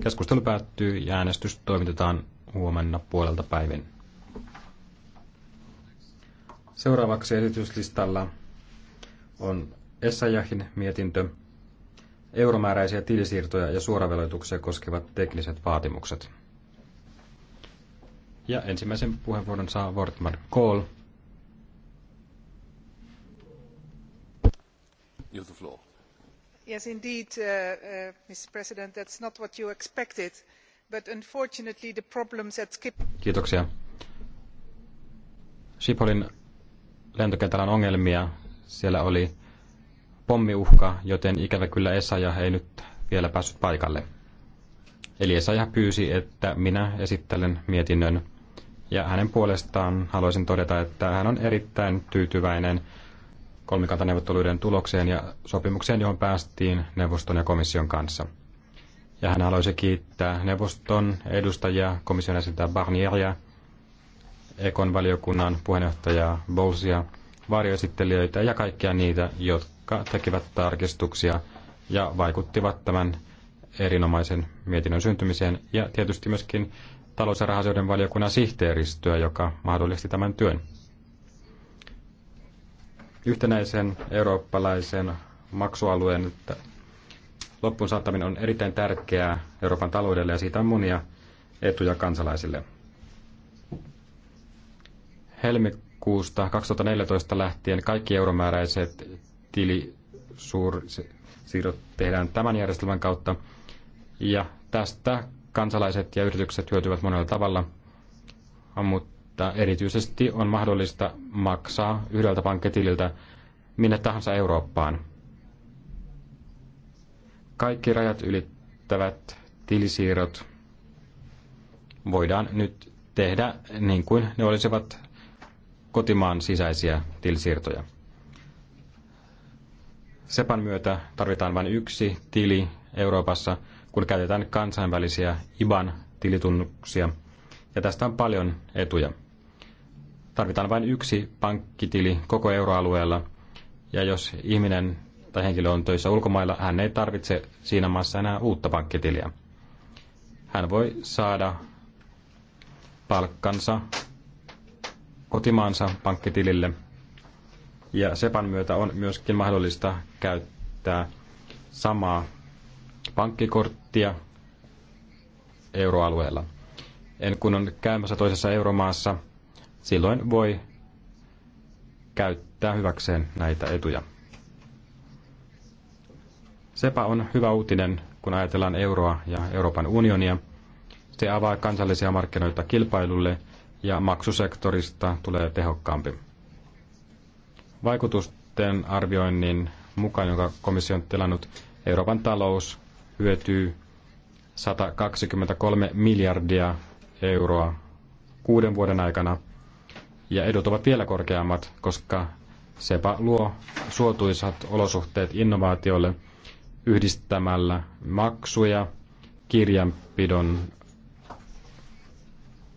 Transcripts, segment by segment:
Keskustelu päättyy ja äänestys toimitetaan huomenna puolelta päivin. Seuraavaksi esityslistalla on Essayahin mietintö euromääräisiä tilisiirtoja ja suoraveloituksia koskevat tekniset vaatimukset. Ja ensimmäisen puheenvuoron saa Wortman Kohl. You the floor yes indeed uh, uh, mr president is not what you expected but unfortunately the problems at Schiphol... Kiitoksia. Schipholin lentokentällä on ongelmia. Siellä oli pommiuhka, joten ikävä kyllä Esaja ei nyt vielä päässyt paikalle. Eli Esaja pyysi, että minä esittelen mietinnön. Ja hänen puolestaan haluaisin todeta, että hän on erittäin tyytyväinen kolmikantaneuvotteluiden tulokseen ja sopimukseen, johon päästiin neuvoston ja komission kanssa. Ja hän haluaisi kiittää neuvoston edustajia, komission jäsentä Barnieria, Ekon valiokunnan puheenjohtajaa Bowlesia, varjoesittelijöitä ja kaikkia niitä, jotka tekivät tarkistuksia ja vaikuttivat tämän erinomaisen mietinnön syntymiseen ja tietysti myöskin talous- ja rahasioiden valiokunnan sihteeristöä, joka mahdollisti tämän työn yhtenäisen eurooppalaisen maksualueen loppuun saattaminen on erittäin tärkeää Euroopan taloudelle ja siitä on monia etuja kansalaisille. Helmikuusta 2014 lähtien kaikki euromääräiset tilisuursiirrot tehdään tämän järjestelmän kautta ja tästä kansalaiset ja yritykset hyötyvät monella tavalla, mutta että erityisesti on mahdollista maksaa yhdeltä pankkitililtä minne tahansa Eurooppaan. Kaikki rajat ylittävät tilisiirrot voidaan nyt tehdä niin kuin ne olisivat kotimaan sisäisiä tilisiirtoja. SEPAn myötä tarvitaan vain yksi tili Euroopassa, kun käytetään kansainvälisiä IBAN-tilitunnuksia, ja tästä on paljon etuja. Tarvitaan vain yksi pankkitili koko euroalueella, ja jos ihminen tai henkilö on töissä ulkomailla, hän ei tarvitse siinä maassa enää uutta pankkitiliä. Hän voi saada palkkansa kotimaansa pankkitilille. Ja SEPAN myötä on myöskin mahdollista käyttää samaa pankkikorttia euroalueella. En kun on käymässä toisessa euromaassa, silloin voi käyttää hyväkseen näitä etuja. Sepa on hyvä uutinen, kun ajatellaan euroa ja Euroopan unionia. Se avaa kansallisia markkinoita kilpailulle ja maksusektorista tulee tehokkaampi. Vaikutusten arvioinnin mukaan, jonka komissio on tilannut, Euroopan talous hyötyy 123 miljardia euroa kuuden vuoden aikana – ja edut ovat vielä korkeammat, koska SEPA luo suotuisat olosuhteet innovaatioille yhdistämällä maksuja kirjanpidon,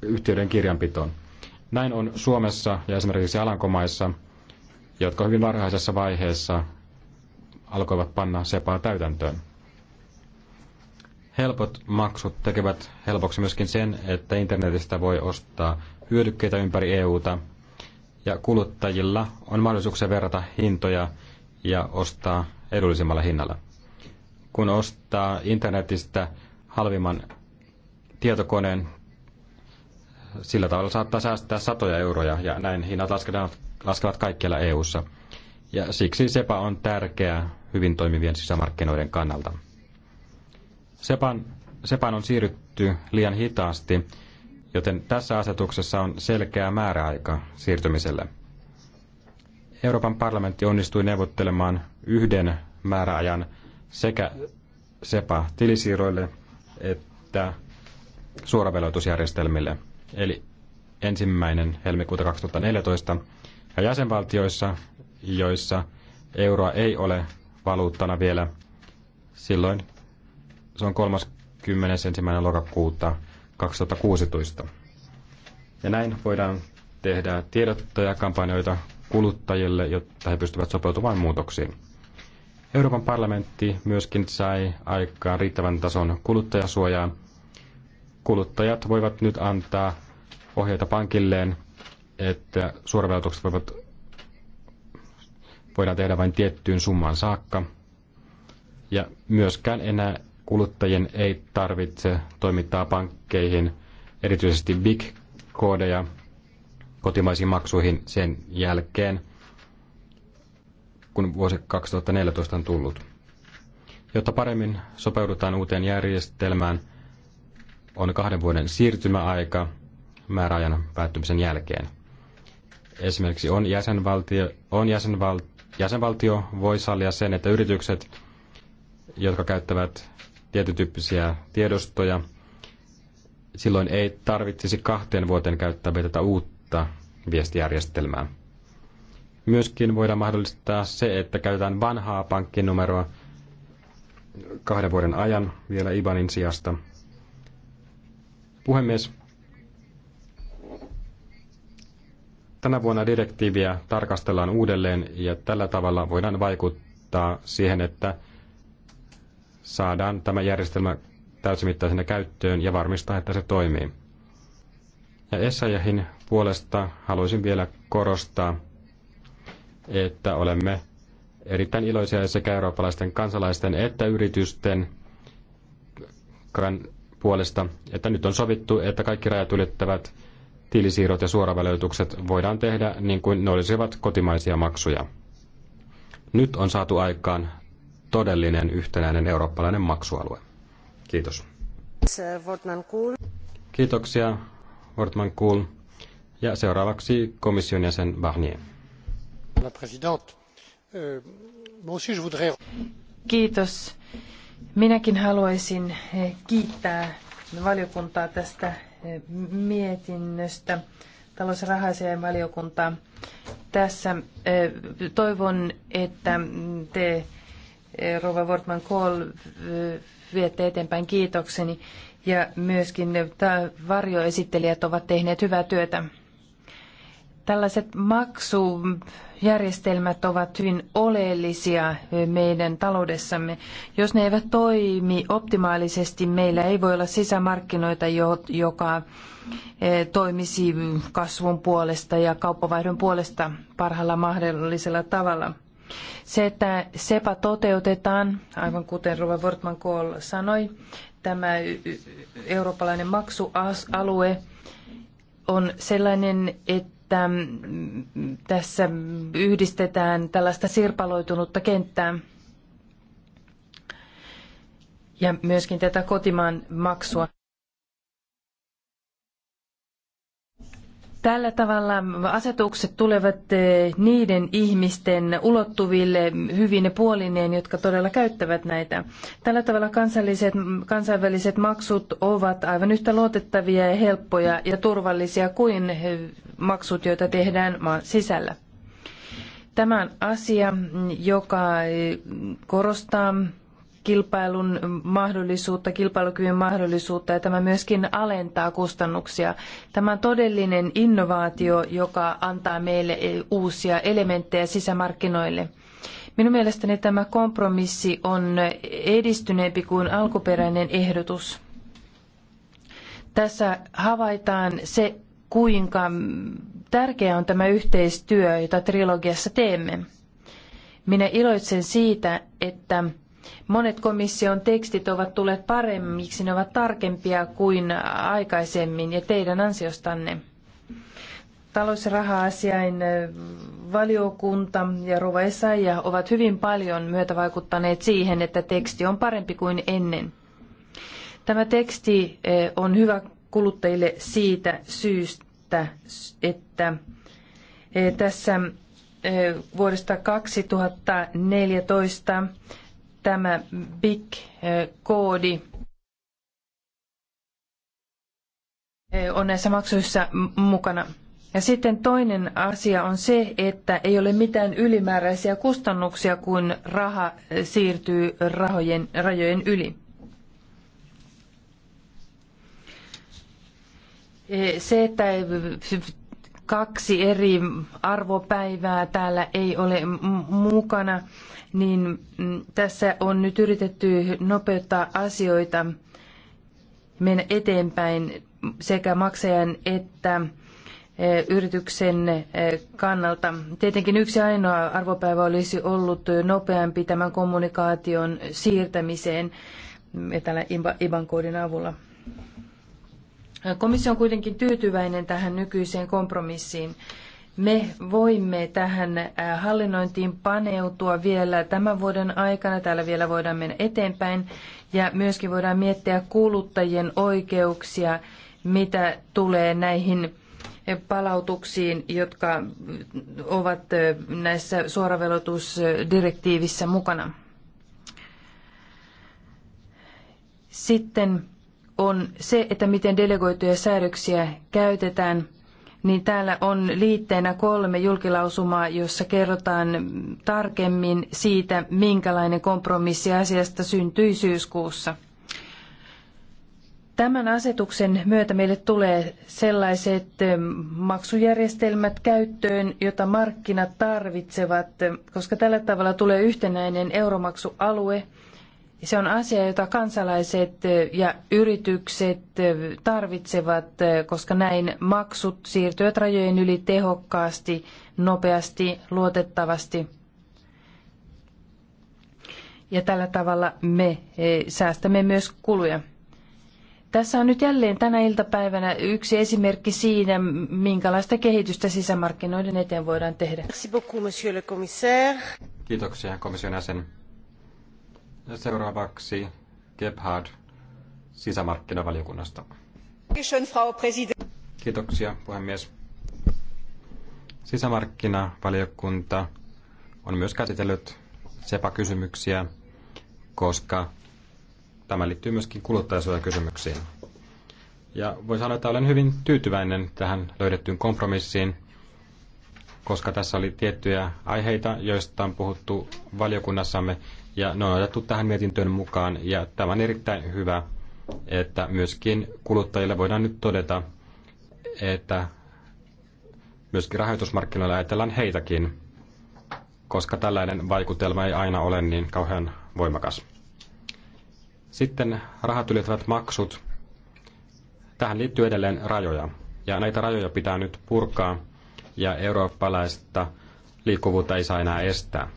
yhtiöiden kirjanpitoon. Näin on Suomessa ja esimerkiksi Alankomaissa, jotka hyvin varhaisessa vaiheessa alkoivat panna SEPAa täytäntöön. Helpot maksut tekevät helpoksi myöskin sen, että internetistä voi ostaa hyödykkeitä ympäri EUta ja kuluttajilla on mahdollisuuksia verrata hintoja ja ostaa edullisimmalla hinnalla. Kun ostaa internetistä halvimman tietokoneen, sillä tavalla saattaa säästää satoja euroja ja näin hinnat laskevat, laskevat kaikkialla EUssa. Ja siksi SEPA on tärkeä hyvin toimivien sisämarkkinoiden kannalta. Sepan, Sepan on siirrytty liian hitaasti, joten tässä asetuksessa on selkeä määräaika siirtymiselle. Euroopan parlamentti onnistui neuvottelemaan yhden määräajan sekä sepa tilisiirroille että suoraveloitusjärjestelmille, eli ensimmäinen helmikuuta 2014, ja jäsenvaltioissa, joissa euroa ei ole valuuttana vielä, silloin se on 31. lokakuuta 2016. Ja näin voidaan tehdä tiedottoja kampanjoita kuluttajille, jotta he pystyvät sopeutumaan muutoksiin. Euroopan parlamentti myöskin sai aikaan riittävän tason kuluttajasuojaa. Kuluttajat voivat nyt antaa ohjeita pankilleen, että suoravelotukset voivat, voidaan tehdä vain tiettyyn summaan saakka. Ja myöskään enää kuluttajien ei tarvitse toimittaa pankkeihin erityisesti big koodeja kotimaisiin maksuihin sen jälkeen, kun vuosi 2014 on tullut. Jotta paremmin sopeudutaan uuteen järjestelmään, on kahden vuoden siirtymäaika määräajan päättymisen jälkeen. Esimerkiksi on jäsenvaltio, on jäsenval, jäsenvaltio voi sallia sen, että yritykset, jotka käyttävät tietyn tiedostoja, silloin ei tarvitsisi kahteen vuoteen käyttää tätä uutta viestijärjestelmää. Myöskin voidaan mahdollistaa se, että käytetään vanhaa pankkinumeroa kahden vuoden ajan vielä IBANin sijasta. Puhemies, tänä vuonna direktiiviä tarkastellaan uudelleen ja tällä tavalla voidaan vaikuttaa siihen, että saadaan tämä järjestelmä täysimittaisena käyttöön ja varmistaa, että se toimii. Ja Essayahin puolesta haluaisin vielä korostaa, että olemme erittäin iloisia sekä eurooppalaisten kansalaisten että yritysten puolesta, että nyt on sovittu, että kaikki rajat ylittävät tilisiirrot ja suoravälöitykset voidaan tehdä niin kuin ne olisivat kotimaisia maksuja. Nyt on saatu aikaan todellinen yhtenäinen eurooppalainen maksualue. Kiitos. Kiitoksia, Wortman Kuhl. Ja seuraavaksi komission jäsen Barnier. Euh, Kiitos. Minäkin haluaisin eh, kiittää valiokuntaa tästä eh, mietinnöstä, talous- ja valiokuntaa. Tässä eh, toivon, että te Eh, Rova Wortman Kohl eh, viette eteenpäin kiitokseni ja myöskin varjoesittelijät ovat tehneet hyvää työtä. Tällaiset maksujärjestelmät ovat hyvin oleellisia eh, meidän taloudessamme. Jos ne eivät toimi optimaalisesti, meillä ei voi olla sisämarkkinoita, joka toimisi kasvun puolesta ja kauppavaihdon puolesta parhaalla mahdollisella tavalla. Se, että SEPA toteutetaan, aivan kuten rouva Wortman Kohl sanoi, tämä eurooppalainen maksualue on sellainen, että tässä yhdistetään tällaista sirpaloitunutta kenttää ja myöskin tätä kotimaan maksua. Tällä tavalla asetukset tulevat eh, niiden ihmisten ulottuville hyvin puolineen, jotka todella käyttävät näitä. Tällä tavalla kansalliset, kansainväliset maksut ovat aivan yhtä luotettavia ja helppoja ja turvallisia kuin eh, maksut, joita tehdään maan sisällä. Tämä on asia, joka eh, korostaa kilpailun mahdollisuutta, kilpailukyvyn mahdollisuutta ja tämä myöskin alentaa kustannuksia. Tämä on todellinen innovaatio, joka antaa meille uusia elementtejä sisämarkkinoille. Minun mielestäni tämä kompromissi on edistyneempi kuin alkuperäinen ehdotus. Tässä havaitaan se, kuinka tärkeää on tämä yhteistyö, jota trilogiassa teemme. Minä iloitsen siitä, että Monet komission tekstit ovat tulleet paremmiksi, ne ovat tarkempia kuin aikaisemmin ja teidän ansiostanne. Talous- ja raha-asiain valiokunta ja Rova Esaija ovat hyvin paljon myötävaikuttaneet siihen, että teksti on parempi kuin ennen. Tämä teksti on hyvä kuluttajille siitä syystä, että tässä vuodesta 2014 tämä big eh, koodi eh, on näissä maksuissa mukana. Ja sitten toinen asia on se, että ei ole mitään ylimääräisiä kustannuksia, kun raha eh, siirtyy rahojen, rajojen yli. Se, että kaksi eri arvopäivää täällä ei ole mukana, niin mm, tässä on nyt yritetty nopeuttaa asioita, mennä eteenpäin sekä maksajan että e, yrityksen e, kannalta. Tietenkin yksi ainoa arvopäivä olisi ollut nopeampi tämän kommunikaation siirtämiseen mm, tällä IBAN-koodin avulla. Komissio on kuitenkin tyytyväinen tähän nykyiseen kompromissiin. Me voimme tähän äh, hallinnointiin paneutua vielä tämän vuoden aikana. Täällä vielä voidaan mennä eteenpäin ja myöskin voidaan miettiä kuluttajien oikeuksia, mitä tulee näihin äh, palautuksiin, jotka ovat äh, näissä suoravelotusdirektiivissä mukana. Sitten on se, että miten delegoituja säädöksiä käytetään, niin täällä on liitteenä kolme julkilausumaa, jossa kerrotaan tarkemmin siitä, minkälainen kompromissi asiasta syntyi syyskuussa. Tämän asetuksen myötä meille tulee sellaiset eh, maksujärjestelmät käyttöön, jota markkinat tarvitsevat, koska tällä tavalla tulee yhtenäinen euromaksualue, se on asia, jota kansalaiset ja yritykset tarvitsevat, koska näin maksut siirtyvät rajojen yli tehokkaasti, nopeasti, luotettavasti. Ja tällä tavalla me eh, säästämme myös kuluja. Tässä on nyt jälleen tänä iltapäivänä yksi esimerkki siitä, minkälaista kehitystä sisämarkkinoiden eteen voidaan tehdä. Kiitoksia komission jäsen. Seuraavaksi Gebhard sisämarkkinavaliokunnasta. Kiitoksia, puhemies. Sisämarkkinavaliokunta on myös käsitellyt SEPA-kysymyksiä, koska tämä liittyy myöskin kuluttajasuojakysymyksiin. Ja voi sanoa, että olen hyvin tyytyväinen tähän löydettyyn kompromissiin, koska tässä oli tiettyjä aiheita, joista on puhuttu valiokunnassamme, ja ne on otettu tähän mietintöön mukaan ja tämä on erittäin hyvä, että myöskin kuluttajille voidaan nyt todeta, että myöskin rahoitusmarkkinoilla ajatellaan heitäkin, koska tällainen vaikutelma ei aina ole niin kauhean voimakas. Sitten rahat ylittävät maksut. Tähän liittyy edelleen rajoja. Ja näitä rajoja pitää nyt purkaa ja eurooppalaista liikkuvuutta ei saa enää estää.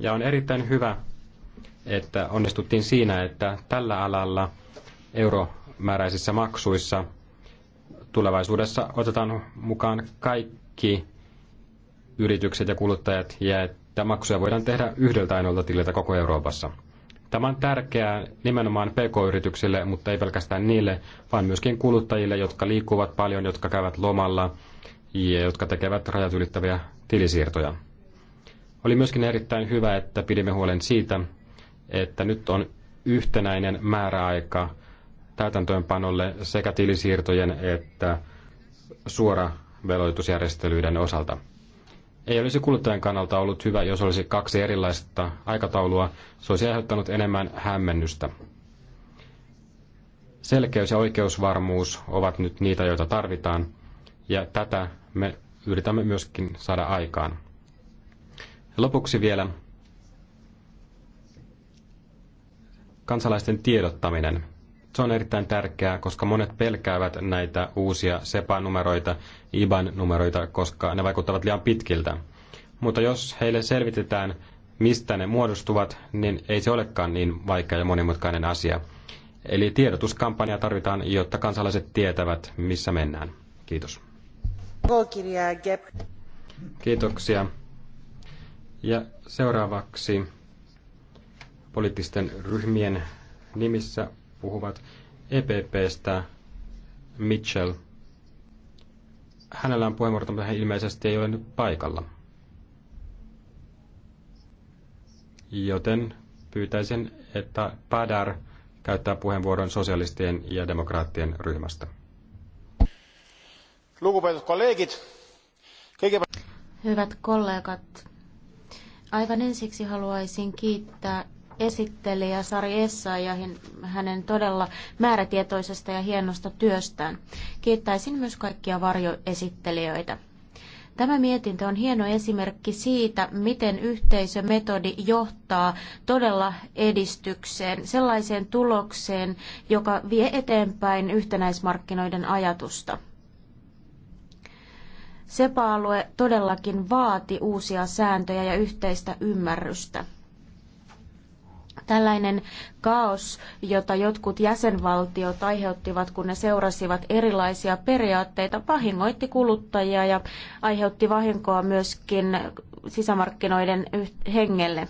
Ja on erittäin hyvä, että onnistuttiin siinä, että tällä alalla euromääräisissä maksuissa tulevaisuudessa otetaan mukaan kaikki yritykset ja kuluttajat ja että maksuja voidaan tehdä yhdeltä ainoalta tililtä koko Euroopassa. Tämä on tärkeää nimenomaan pk-yrityksille, mutta ei pelkästään niille, vaan myöskin kuluttajille, jotka liikkuvat paljon, jotka käyvät lomalla ja jotka tekevät rajat ylittäviä tilisiirtoja. Oli myöskin erittäin hyvä, että pidimme huolen siitä, että nyt on yhtenäinen määräaika täytäntöönpanolle sekä tilisiirtojen että suora veloitusjärjestelyiden osalta. Ei olisi kuluttajan kannalta ollut hyvä, jos olisi kaksi erilaista aikataulua. Se olisi aiheuttanut enemmän hämmennystä. Selkeys ja oikeusvarmuus ovat nyt niitä, joita tarvitaan, ja tätä me yritämme myöskin saada aikaan. Lopuksi vielä kansalaisten tiedottaminen. Se on erittäin tärkeää, koska monet pelkäävät näitä uusia SEPA-numeroita, IBAN-numeroita, koska ne vaikuttavat liian pitkiltä. Mutta jos heille selvitetään, mistä ne muodostuvat, niin ei se olekaan niin vaikea ja monimutkainen asia. Eli tiedotuskampanja tarvitaan, jotta kansalaiset tietävät, missä mennään. Kiitos. Kiitoksia. Ja seuraavaksi poliittisten ryhmien nimissä puhuvat EPPstä Mitchell. Hänellä on puheenvuoro, mutta hän ilmeisesti ei ole nyt paikalla. Joten pyytäisin, että Padar käyttää puheenvuoron sosialistien ja demokraattien ryhmästä. Lukupäätöt kollegit, Hyvät kollegat, aivan ensiksi haluaisin kiittää esittelijä Sari Essa ja hänen todella määrätietoisesta ja hienosta työstään. Kiittäisin myös kaikkia varjoesittelijöitä. Tämä mietintö on hieno esimerkki siitä, miten yhteisömetodi johtaa todella edistykseen, sellaiseen tulokseen, joka vie eteenpäin yhtenäismarkkinoiden ajatusta. SEPA-alue todellakin vaati uusia sääntöjä ja yhteistä ymmärrystä. Tällainen kaos, jota jotkut jäsenvaltiot aiheuttivat, kun ne seurasivat erilaisia periaatteita, vahingoitti kuluttajia ja aiheutti vahinkoa myöskin sisämarkkinoiden hengelle.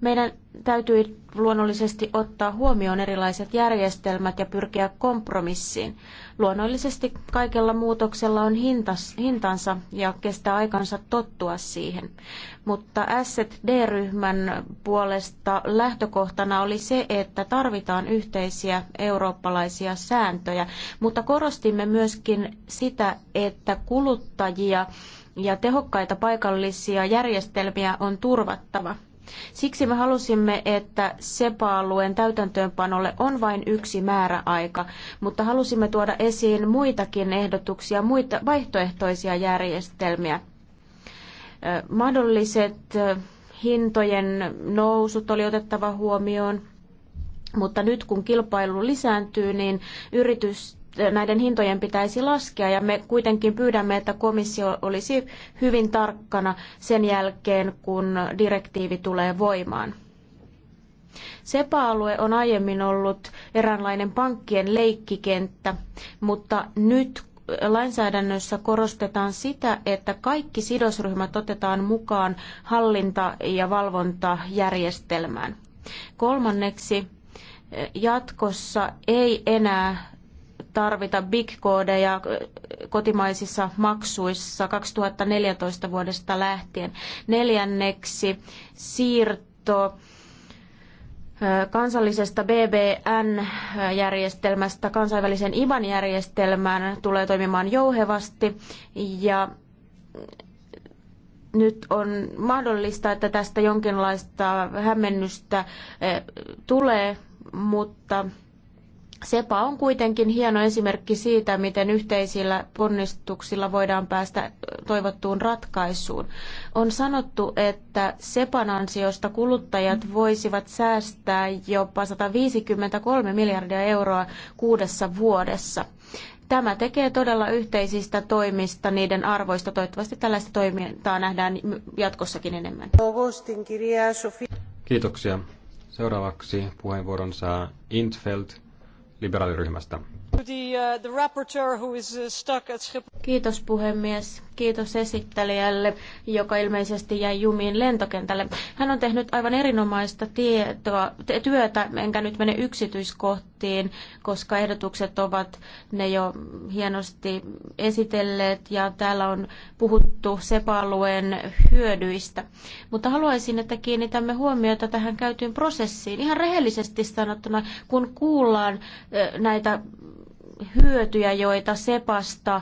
Meidän täytyy luonnollisesti ottaa huomioon erilaiset järjestelmät ja pyrkiä kompromissiin. Luonnollisesti kaikella muutoksella on hintas, hintansa ja kestää aikansa tottua siihen. Mutta d ryhmän puolesta lähtökohtana oli se, että tarvitaan yhteisiä eurooppalaisia sääntöjä, mutta korostimme myöskin sitä, että kuluttajia ja tehokkaita paikallisia järjestelmiä on turvattava. Siksi me halusimme, että SEPA-alueen täytäntöönpanolle on vain yksi määräaika, mutta halusimme tuoda esiin muitakin ehdotuksia, muita vaihtoehtoisia järjestelmiä. Mahdolliset hintojen nousut oli otettava huomioon, mutta nyt kun kilpailu lisääntyy, niin yritys, näiden hintojen pitäisi laskea ja me kuitenkin pyydämme, että komissio olisi hyvin tarkkana sen jälkeen, kun direktiivi tulee voimaan. SEPA-alue on aiemmin ollut eräänlainen pankkien leikkikenttä, mutta nyt lainsäädännössä korostetaan sitä, että kaikki sidosryhmät otetaan mukaan hallinta- ja valvontajärjestelmään. Kolmanneksi, jatkossa ei enää tarvita big-koodeja kotimaisissa maksuissa 2014 vuodesta lähtien. Neljänneksi siirto kansallisesta BBN-järjestelmästä kansainväliseen IBAN-järjestelmään tulee toimimaan jouhevasti ja nyt on mahdollista, että tästä jonkinlaista hämmennystä tulee, mutta SEPA on kuitenkin hieno esimerkki siitä, miten yhteisillä ponnistuksilla voidaan päästä toivottuun ratkaisuun. On sanottu, että SEPAn ansiosta kuluttajat voisivat säästää jopa 153 miljardia euroa kuudessa vuodessa. Tämä tekee todella yhteisistä toimista niiden arvoista. Toivottavasti tällaista toimintaa nähdään jatkossakin enemmän. Kiitoksia. Seuraavaksi puheenvuoron saa Intfeld liberaaliryhmästä. Uh, uh, Kiitos puhemies. Kiitos esittelijälle, joka ilmeisesti jäi jumiin lentokentälle. Hän on tehnyt aivan erinomaista tietoa, työtä, enkä nyt mene yksityiskohtiin pohdittiin, koska ehdotukset ovat ne jo hienosti esitelleet ja täällä on puhuttu sepa-alueen hyödyistä. Mutta haluaisin, että kiinnitämme huomiota tähän käytyyn prosessiin. Ihan rehellisesti sanottuna, kun kuullaan näitä hyötyjä, joita sepasta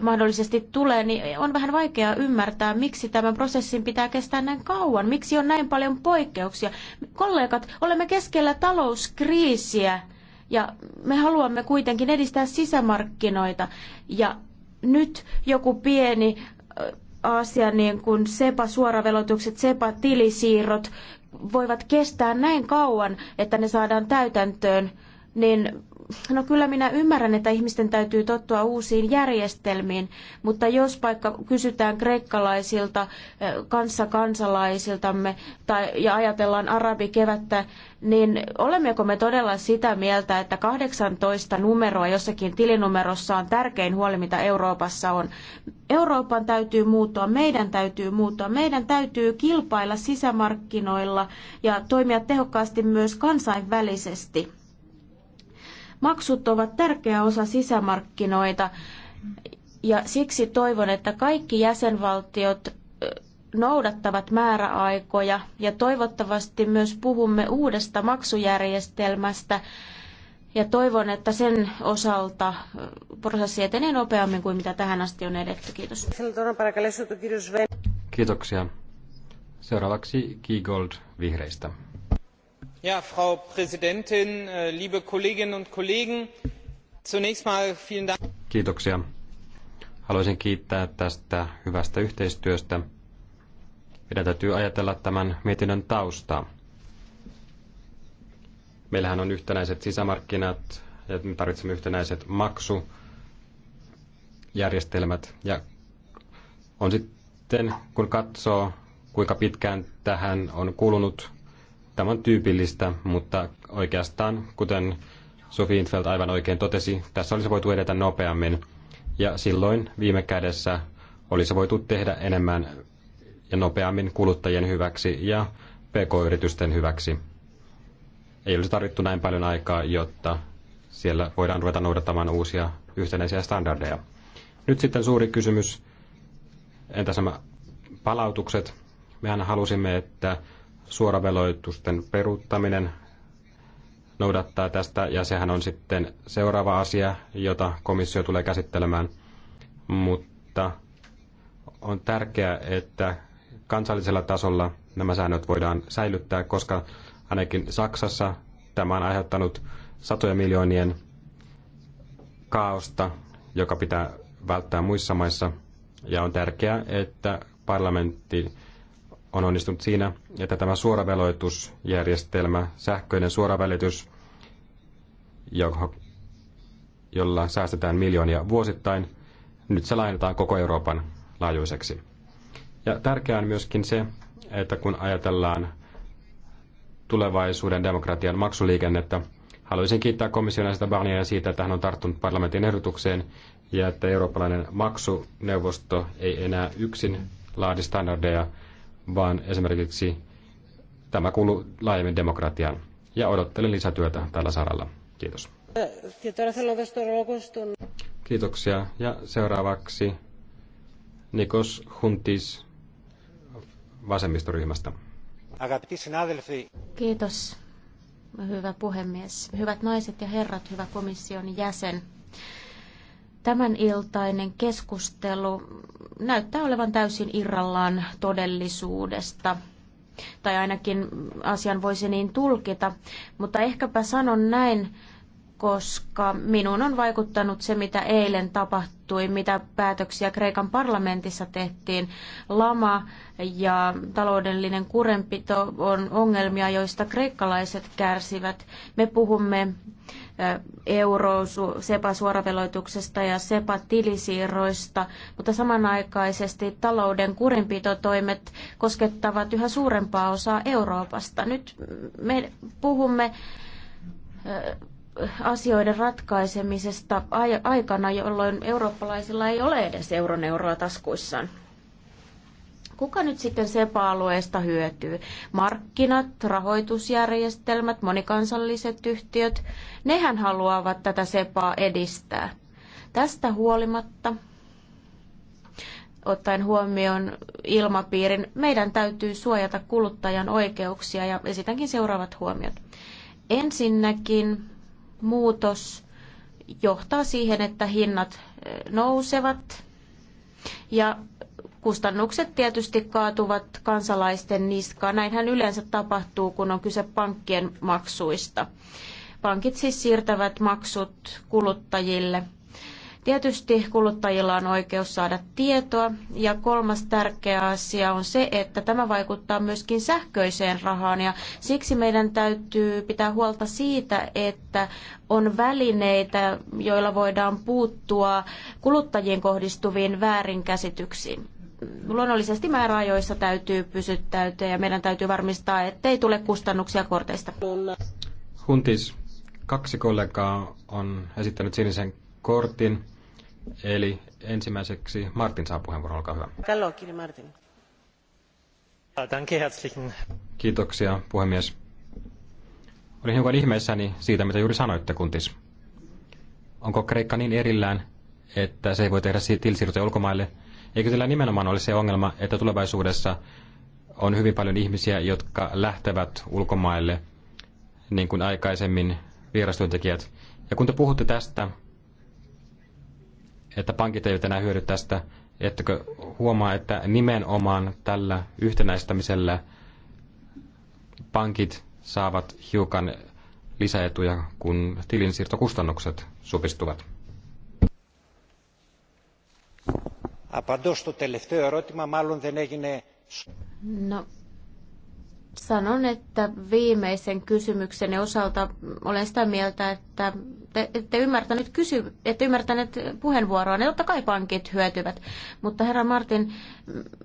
mahdollisesti tulee, niin on vähän vaikea ymmärtää, miksi tämän prosessin pitää kestää näin kauan, miksi on näin paljon poikkeuksia. Kollegat, olemme keskellä talouskriisiä ja me haluamme kuitenkin edistää sisämarkkinoita. Ja nyt joku pieni asia, niin kuin SEPA-suoravelotukset, SEPA-tilisiirrot, voivat kestää näin kauan, että ne saadaan täytäntöön, niin No kyllä minä ymmärrän, että ihmisten täytyy tottua uusiin järjestelmiin, mutta jos vaikka kysytään kreikkalaisilta eh, kanssakansalaisiltamme tai, ja ajatellaan arabikevättä, niin olemmeko me todella sitä mieltä, että 18 numeroa jossakin tilinumerossa on tärkein huoli, mitä Euroopassa on? Euroopan täytyy muuttua, meidän täytyy muuttua, meidän täytyy kilpailla sisämarkkinoilla ja toimia tehokkaasti myös kansainvälisesti Maksut ovat tärkeä osa sisämarkkinoita ja siksi toivon, että kaikki jäsenvaltiot noudattavat määräaikoja ja toivottavasti myös puhumme uudesta maksujärjestelmästä ja toivon, että sen osalta prosessi etenee nopeammin kuin mitä tähän asti on edetty. Kiitos. Kiitoksia. Seuraavaksi Kigold vihreistä frau präsidentin äh, liebe kolleginnen und kollegen! zunächst einmal vielen dank. kiitoksia. haluaisin kiittää tästä hyvästä yhteistyöstä. meidän täytyy ajatella tämän mietinnön taustaa. meillähän on yhtenäiset sisämarkkinat ja me tarvitsemme yhtenäiset maksujärjestelmät ja on sitten kun katsoo kuinka pitkään tähän on kulunut Tämä on tyypillistä, mutta oikeastaan, kuten Sofi Intfeld aivan oikein totesi, tässä olisi voitu edetä nopeammin. Ja silloin viime kädessä olisi voitu tehdä enemmän ja nopeammin kuluttajien hyväksi ja pk-yritysten hyväksi. Ei olisi tarvittu näin paljon aikaa, jotta siellä voidaan ruveta noudattamaan uusia yhtenäisiä standardeja. Nyt sitten suuri kysymys, entäs nämä palautukset? Mehän halusimme, että suoraveloitusten peruuttaminen noudattaa tästä, ja sehän on sitten seuraava asia, jota komissio tulee käsittelemään. Mutta on tärkeää, että kansallisella tasolla nämä säännöt voidaan säilyttää, koska ainakin Saksassa tämä on aiheuttanut satoja miljoonien kaaosta, joka pitää välttää muissa maissa. Ja on tärkeää, että parlamentti on onnistunut siinä, että tämä suoraveloitusjärjestelmä, sähköinen suoravälitys, jolla säästetään miljoonia vuosittain, nyt se laajennetaan koko Euroopan laajuiseksi. Ja tärkeää on myöskin se, että kun ajatellaan tulevaisuuden demokratian maksuliikennettä, haluaisin kiittää komission näistä Barnieria siitä, että hän on tarttunut parlamentin ehdotukseen ja että eurooppalainen maksuneuvosto ei enää yksin laadi standardeja, vaan esimerkiksi tämä kuuluu laajemmin demokratiaan. Ja odottelen lisätyötä tällä saralla. Kiitos. Kiitoksia. Ja seuraavaksi Nikos Huntis vasemmistoryhmästä. Kiitos, hyvä puhemies. Hyvät naiset ja herrat, hyvä komission jäsen. Tämän iltainen keskustelu näyttää olevan täysin irrallaan todellisuudesta, tai ainakin asian voisi niin tulkita, mutta ehkäpä sanon näin, koska minun on vaikuttanut se, mitä eilen tapahtui, mitä päätöksiä Kreikan parlamentissa tehtiin. Lama ja taloudellinen kurenpito on ongelmia, joista kreikkalaiset kärsivät. Me puhumme euro SEPA-suoraveloituksesta ja SEPA-tilisiirroista, mutta samanaikaisesti talouden kurinpitotoimet koskettavat yhä suurempaa osaa Euroopasta. Nyt me puhumme asioiden ratkaisemisesta aikana, jolloin eurooppalaisilla ei ole edes euron euroa taskuissaan. Kuka nyt sitten SEPA-alueesta hyötyy? Markkinat, rahoitusjärjestelmät, monikansalliset yhtiöt, nehän haluavat tätä SEPAa edistää. Tästä huolimatta, ottaen huomioon ilmapiirin, meidän täytyy suojata kuluttajan oikeuksia ja esitänkin seuraavat huomiot. Ensinnäkin muutos johtaa siihen, että hinnat eh, nousevat ja Kustannukset tietysti kaatuvat kansalaisten niskaan. Näinhän yleensä tapahtuu, kun on kyse pankkien maksuista. Pankit siis siirtävät maksut kuluttajille. Tietysti kuluttajilla on oikeus saada tietoa ja kolmas tärkeä asia on se, että tämä vaikuttaa myöskin sähköiseen rahaan ja siksi meidän täytyy pitää huolta siitä, että on välineitä, joilla voidaan puuttua kuluttajien kohdistuviin väärinkäsityksiin luonnollisesti määräajoissa täytyy pysyttäytyä ja meidän täytyy varmistaa, ettei tule kustannuksia korteista. Huntis, kaksi kollegaa on esittänyt sinisen kortin. Eli ensimmäiseksi Martin saa puheenvuoron, olkaa hyvä. Martin. Kiitoksia, puhemies. Olin hiukan ihmeessäni siitä, mitä juuri sanoitte, Kuntis. Onko Kreikka niin erillään, että se ei voi tehdä tilsiirtoja ulkomaille – Eikö sillä nimenomaan ole se ongelma, että tulevaisuudessa on hyvin paljon ihmisiä, jotka lähtevät ulkomaille, niin kuin aikaisemmin vierastyöntekijät. Ja kun te puhutte tästä, että pankit eivät enää hyödy tästä, ettekö huomaa, että nimenomaan tällä yhtenäistämisellä pankit saavat hiukan lisäetuja, kun tilinsiirtokustannukset supistuvat? Απαντώ στο τελευταίο ερώτημα, μάλλον δεν έγινε... No, sanon, että viimeisen kysymyksenne osalta olen sitä mieltä, että te ette ymmärtänyt, kysy, ette ymmärtäneet puheenvuoroa. Ne totta kai pankit hyötyvät. Mutta herra Martin,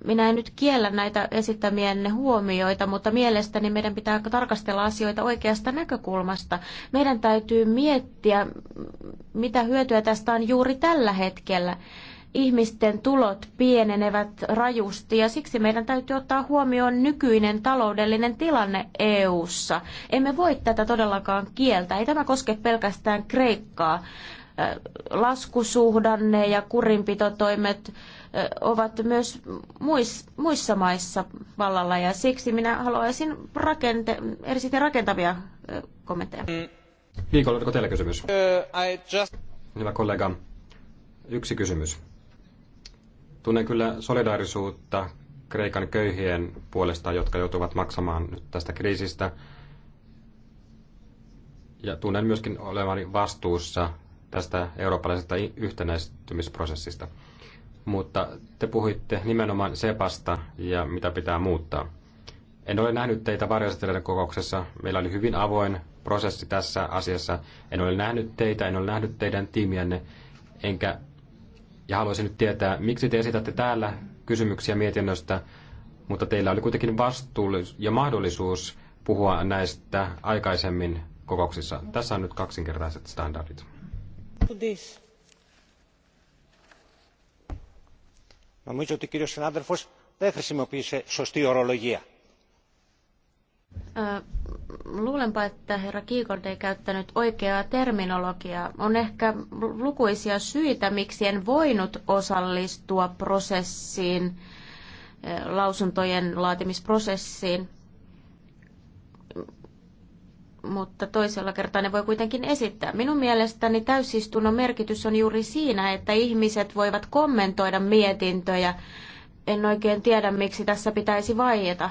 minä en nyt kiellä näitä esittämienne huomioita, mutta mielestäni meidän pitää tarkastella asioita oikeasta näkökulmasta. Meidän täytyy miettiä, mitä hyötyä tästä on juuri tällä hetkellä ihmisten tulot pienenevät rajusti ja siksi meidän täytyy ottaa huomioon nykyinen taloudellinen tilanne EU:ssa. Emme voi tätä todellakaan kieltää. Ei tämä koske pelkästään Kreikkaa. Laskusuhdanne ja kurinpitotoimet ovat myös muissa maissa vallalla ja siksi minä haluaisin rakente- erityisesti rakentavia kommentteja. Mm. Viikolla, onko teillä kysymys? Uh, I just... Hyvä kollega, yksi kysymys. Tunnen kyllä solidaarisuutta Kreikan köyhien puolesta, jotka joutuvat maksamaan nyt tästä kriisistä. Ja tunnen myöskin olevani vastuussa tästä eurooppalaisesta yhtenäistymisprosessista. Mutta te puhuitte nimenomaan SEPasta ja mitä pitää muuttaa. En ole nähnyt teitä varjoisetelijan kokouksessa. Meillä oli hyvin avoin prosessi tässä asiassa. En ole nähnyt teitä, en ole nähnyt teidän tiimiänne, enkä ja haluaisin nyt tietää, miksi te esitätte täällä kysymyksiä mietinnöstä, mutta teillä oli kuitenkin vastuu ja mahdollisuus puhua näistä aikaisemmin kokouksissa. Tässä on nyt kaksinkertaiset standardit. Uh, Luulenpa, että herra Kiikord ei käyttänyt oikeaa terminologiaa. On ehkä lukuisia syitä, miksi en voinut osallistua prosessiin, eh, lausuntojen laatimisprosessiin. Mutta toisella kertaa ne voi kuitenkin esittää. Minun mielestäni täysistunnon merkitys on juuri siinä, että ihmiset voivat kommentoida mietintöjä. En oikein tiedä, miksi tässä pitäisi vaieta.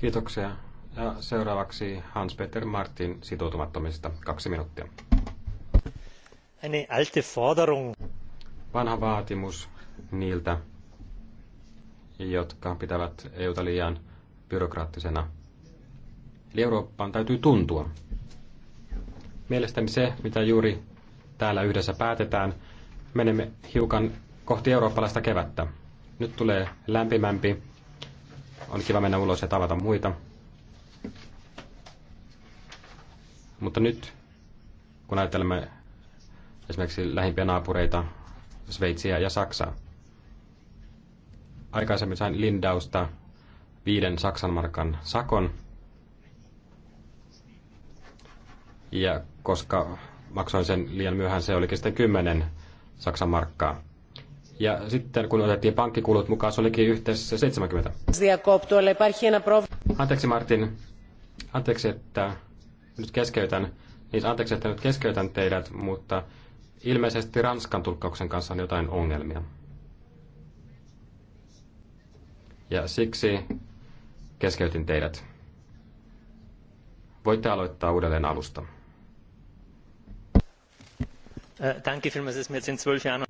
Kiitoksia. Ja seuraavaksi Hans-Peter Martin sitoutumattomista. Kaksi minuuttia. Eine alte Forderung. Vanha vaatimus niiltä, jotka pitävät EUta liian byrokraattisena. Eli Eurooppaan täytyy tuntua. Mielestäni se, mitä juuri täällä yhdessä päätetään, menemme hiukan kohti eurooppalaista kevättä. Nyt tulee lämpimämpi. On kiva mennä ulos ja tavata muita. Mutta nyt, kun ajattelemme esimerkiksi lähimpiä naapureita, Sveitsiä ja Saksaa. Aikaisemmin sain Lindausta viiden Saksan markan sakon. Ja koska maksoin sen liian myöhään, se olikin sitten kymmenen Saksan markkaa. Ja sitten kun otettiin pankkikulut mukaan, se olikin yhteensä 70. Anteeksi Martin, anteeksi, että nyt keskeytän. Niin anteeksi, että nyt keskeytän teidät, mutta ilmeisesti Ranskan tulkkauksen kanssa on jotain ongelmia. Ja siksi keskeytin teidät. Voitte aloittaa uudelleen alusta. Äh,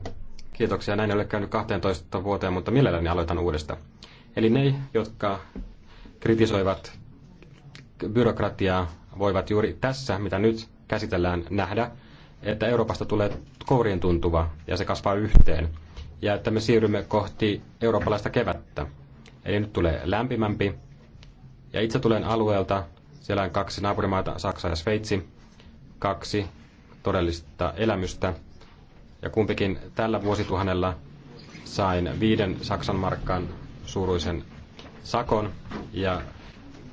Kiitoksia. Näin ei ole käynyt 12 vuoteen, mutta mielelläni aloitan uudesta. Eli ne, jotka kritisoivat byrokratiaa, voivat juuri tässä, mitä nyt käsitellään, nähdä, että Euroopasta tulee kourien tuntuva ja se kasvaa yhteen. Ja että me siirrymme kohti eurooppalaista kevättä. Eli nyt tulee lämpimämpi. Ja itse tulen alueelta, siellä on kaksi naapurimaata, Saksa ja Sveitsi, kaksi todellista elämystä – ja kumpikin tällä vuosituhannella sain viiden Saksan markkan suuruisen sakon ja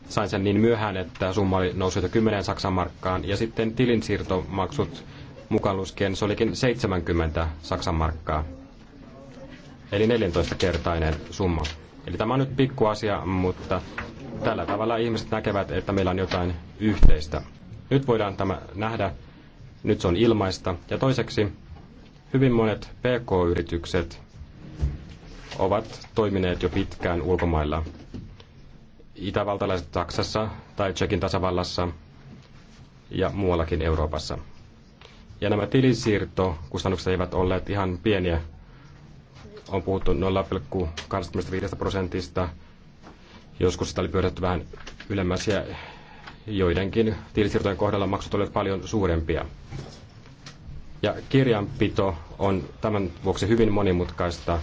sain sen niin myöhään, että summa oli noussut jo 10 Saksan markkaan ja sitten tilinsiirtomaksut mukaan luskien se olikin 70 Saksan markkaa. Eli 14-kertainen summa. Eli tämä on nyt pikku asia, mutta tällä tavalla ihmiset näkevät, että meillä on jotain yhteistä. Nyt voidaan tämä nähdä, nyt se on ilmaista. Ja toiseksi Hyvin monet PK-yritykset ovat toimineet jo pitkään ulkomailla. Itävaltalaiset Saksassa tai Tsekin tasavallassa ja muuallakin Euroopassa. Ja nämä tilisiirtokustannukset eivät olleet ihan pieniä. On puhuttu 0,25 prosentista. Joskus sitä oli pyöritetty vähän ylemmäs ja joidenkin tilisiirtojen kohdalla maksut olivat paljon suurempia. Ja kirjanpito on tämän vuoksi hyvin monimutkaista.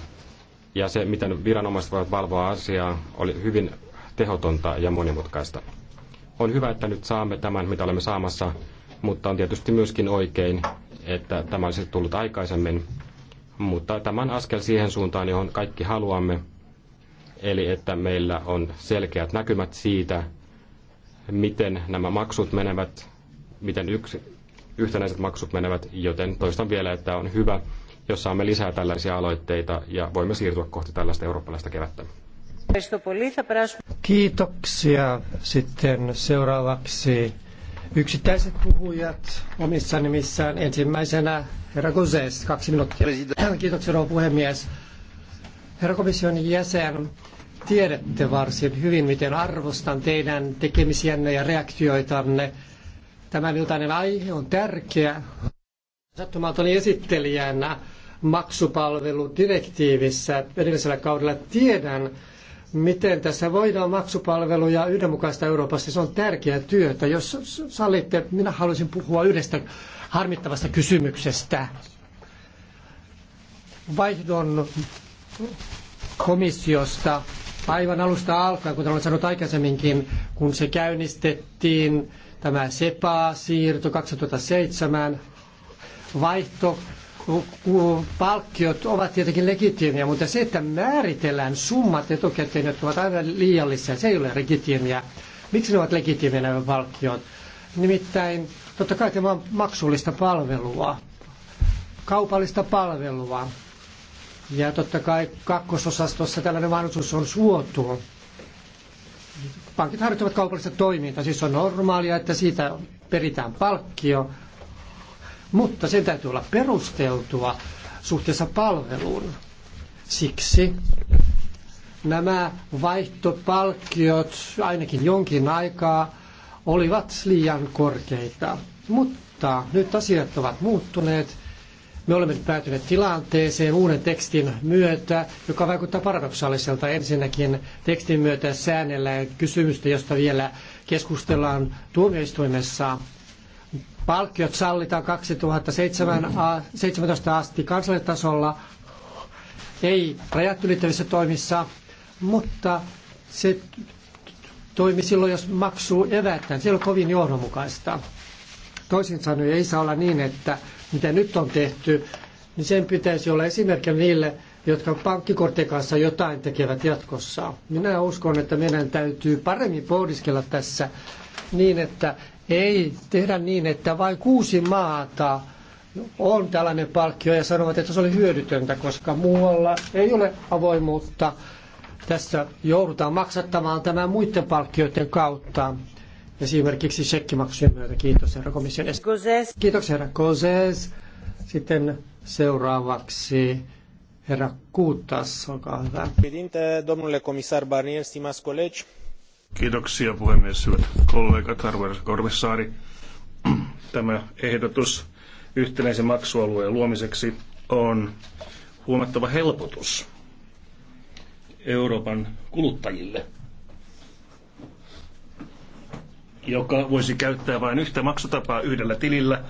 Ja se, miten viranomaiset voivat valvoa asiaa, oli hyvin tehotonta ja monimutkaista. On hyvä, että nyt saamme tämän, mitä olemme saamassa, mutta on tietysti myöskin oikein, että tämä olisi tullut aikaisemmin. Mutta tämä on askel siihen suuntaan, johon kaikki haluamme. Eli että meillä on selkeät näkymät siitä, miten nämä maksut menevät, miten yksi, yhtenäiset maksut menevät, joten toistan vielä, että on hyvä, jos saamme lisää tällaisia aloitteita ja voimme siirtyä kohti tällaista eurooppalaista kevättä. Kiitoksia. Sitten seuraavaksi yksittäiset puhujat omissa nimissään. Ensimmäisenä herra Gozes, kaksi minuuttia. Kiitoksia, rouva puhemies. Herra komission jäsen, tiedätte varsin hyvin, miten arvostan teidän tekemisiänne ja reaktioitanne – Tämän iltainen aihe on tärkeä. Sattumalta oli esittelijänä maksupalveludirektiivissä edellisellä kaudella. Tiedän, miten tässä voidaan maksupalveluja yhdenmukaista Euroopassa. Se on tärkeää työtä. Jos sallitte, minä haluaisin puhua yhdestä harmittavasta kysymyksestä. Vaihdon komissiosta aivan alusta alkaen, kuten olen sanonut aikaisemminkin, kun se käynnistettiin Tämä SEPA-siirto 2007 vaihto palkkiot ovat tietenkin legitiimiä, mutta se, että määritellään summat etukäteen, jotka ovat aina liiallisia, se ei ole legitiimiä. Miksi ne ovat legitiimiä nämä palkkiot? Nimittäin totta kai tämä on maksullista palvelua, kaupallista palvelua. Ja totta kai kakkososastossa tällainen mahdollisuus on suotu. Pankit harjoittavat kaupallista toimintaa, siis on normaalia, että siitä peritään palkkio, mutta sen täytyy olla perusteltua suhteessa palveluun. Siksi nämä vaihtopalkkiot ainakin jonkin aikaa olivat liian korkeita. Mutta nyt asiat ovat muuttuneet me olemme päätyneet tilanteeseen uuden tekstin myötä, joka vaikuttaa paradoksaaliselta. Ensinnäkin tekstin myötä säännellään kysymystä, josta vielä keskustellaan tuomioistuimessa. Palkkiot sallitaan 2017 asti kansallisella ei rajat ylittävissä toimissa, mutta se toimi silloin, jos maksuu evätään. Se on kovin johdonmukaista. Toisin sanoen ei saa olla niin, että mitä nyt on tehty, niin sen pitäisi olla esimerkki niille, jotka pankkikortin kanssa jotain tekevät jatkossa. Minä uskon, että meidän täytyy paremmin pohdiskella tässä niin, että ei tehdä niin, että vain kuusi maata on tällainen palkkio ja sanovat, että se oli hyödytöntä, koska muualla ei ole avoimuutta. Tässä joudutaan maksattamaan tämä muiden palkkioiden kautta esimerkiksi shekkimaksujen myötä. Kiitos herra komission es- Koses. Kiitoksia herra Koses. Sitten seuraavaksi herra Kuuttas, olkaa hyvä. Domnule komissar Barnier, stimați colegi. Kiitoksia puhemies, hyvät kollegat, arvoisa komissaari. Tämä ehdotus yhtenäisen maksualueen luomiseksi on huomattava helpotus Euroopan kuluttajille – joka voisi käyttää vain yhtä maksutapaa yhdellä tilillä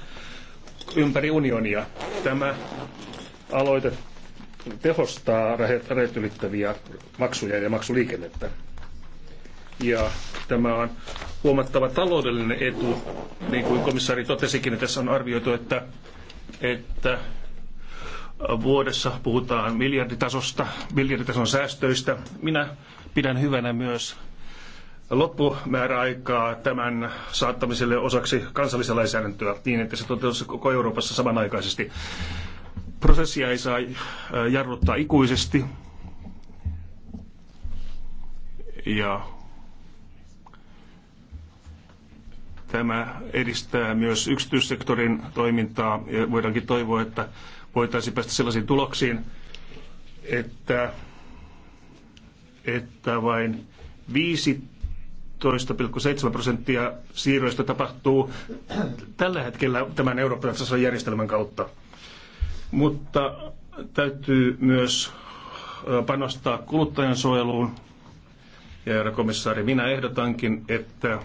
ympäri unionia. Tämä aloite tehostaa rajat ylittäviä maksuja ja maksuliikennettä. Ja tämä on huomattava taloudellinen etu, niin kuin komissaari totesikin, että niin tässä on arvioitu, että, että vuodessa puhutaan miljarditasosta, miljarditason säästöistä. Minä pidän hyvänä myös loppumääräaikaa tämän saattamiselle osaksi kansallista lainsäädäntöä niin, että se toteutuisi koko Euroopassa samanaikaisesti. Prosessia ei saa äh, jarruttaa ikuisesti. Ja tämä edistää myös yksityissektorin toimintaa ja voidaankin toivoa, että voitaisiin päästä sellaisiin tuloksiin, että, että vain viisi 12,7 prosenttia siirroista tapahtuu tällä hetkellä tämän eurooppalaisen järjestelmän kautta. Mutta täytyy myös panostaa kuluttajan suojeluun. Ja herra komissaari, minä ehdotankin, että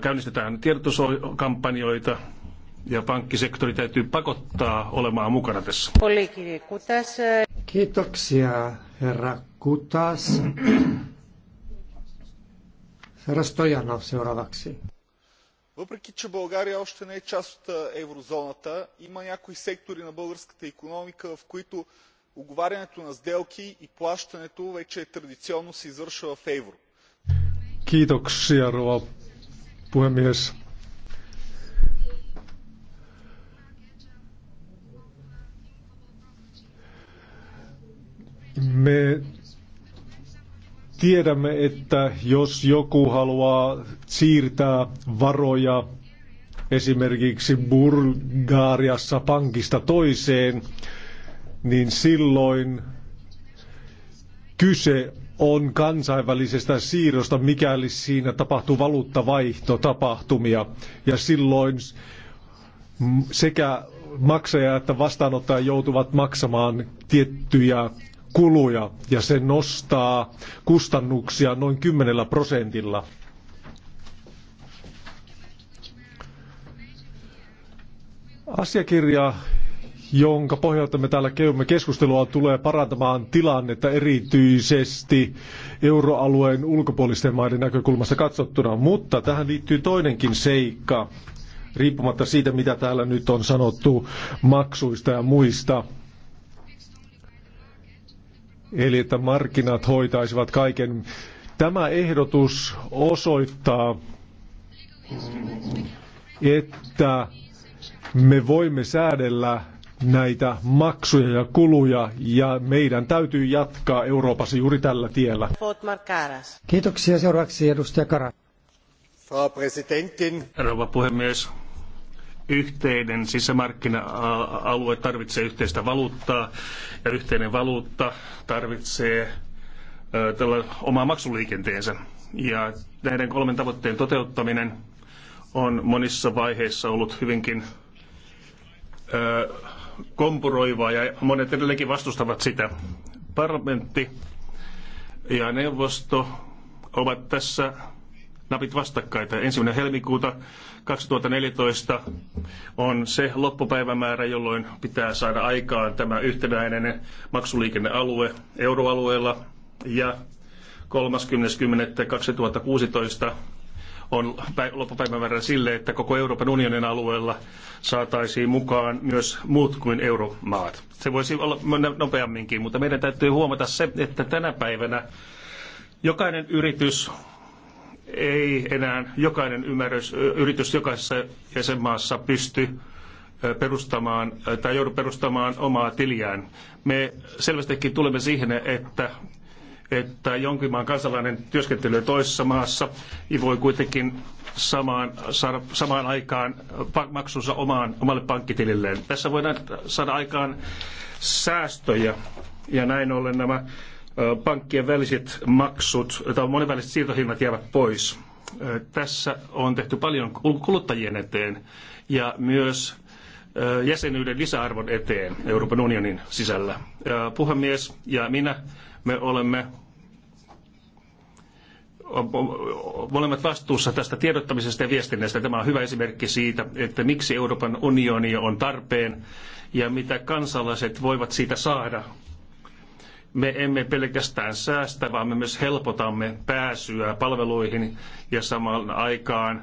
käynnistetään tiedotuskampanjoita ja pankkisektori täytyy pakottaa olemaan mukana tässä. Kiitoksia, herra Kutas. Herra seuraavaksi. Въпреки, че България още не е част от еврозоната, има някои сектори на българската економика, в които уговарянето на сделки и плащането вече традиционно се извършва в евро. Kiitoksia, rouva puhemies. Me Tiedämme, että jos joku haluaa siirtää varoja esimerkiksi Bulgaariassa pankista toiseen, niin silloin kyse on kansainvälisestä siirrosta, mikäli siinä tapahtuu valuuttavaihtotapahtumia. Ja silloin sekä maksaja että vastaanottaja joutuvat maksamaan tiettyjä kuluja ja se nostaa kustannuksia noin 10 prosentilla. Asiakirja, jonka pohjalta me täällä keumme keskustelua, tulee parantamaan tilannetta erityisesti euroalueen ulkopuolisten maiden näkökulmasta katsottuna, mutta tähän liittyy toinenkin seikka, riippumatta siitä, mitä täällä nyt on sanottu maksuista ja muista eli että markkinat hoitaisivat kaiken. Tämä ehdotus osoittaa, että me voimme säädellä näitä maksuja ja kuluja ja meidän täytyy jatkaa Euroopassa juuri tällä tiellä. Kiitoksia seuraavaksi edustaja Kara. Rouva puhemies, yhteinen sisämarkkina-alue tarvitsee yhteistä valuuttaa ja yhteinen valuutta tarvitsee tällä omaa maksuliikenteensä. Ja näiden kolmen tavoitteen toteuttaminen on monissa vaiheissa ollut hyvinkin kompuroivaa ja monet edelleenkin vastustavat sitä. Parlamentti ja neuvosto ovat tässä napit vastakkaita. Ensimmäinen helmikuuta 2014 on se loppupäivämäärä, jolloin pitää saada aikaan tämä yhtenäinen maksuliikennealue euroalueella ja 30.10.2016 on loppupäivämäärä sille, että koko Euroopan unionin alueella saataisiin mukaan myös muut kuin euromaat. Se voisi olla nopeamminkin, mutta meidän täytyy huomata se, että tänä päivänä jokainen yritys ei enää jokainen ymmärrys, yritys jokaisessa jäsenmaassa pysty perustamaan tai joudu perustamaan omaa tiliään. Me selvästikin tulemme siihen, että että jonkin maan kansalainen työskentelee toisessa maassa ja voi kuitenkin samaan, saada, samaan aikaan maksunsa omaan, omalle pankkitililleen. Tässä voidaan saada aikaan säästöjä ja näin ollen nämä pankkien väliset maksut tai monenväliset siirtohinnat jäävät pois. Tässä on tehty paljon kuluttajien eteen ja myös jäsenyyden lisäarvon eteen Euroopan unionin sisällä. Puhemies ja minä, me olemme molemmat vastuussa tästä tiedottamisesta ja viestinnästä. Tämä on hyvä esimerkki siitä, että miksi Euroopan unioni on tarpeen ja mitä kansalaiset voivat siitä saada me emme pelkästään säästä, vaan me myös helpotamme pääsyä palveluihin ja samaan aikaan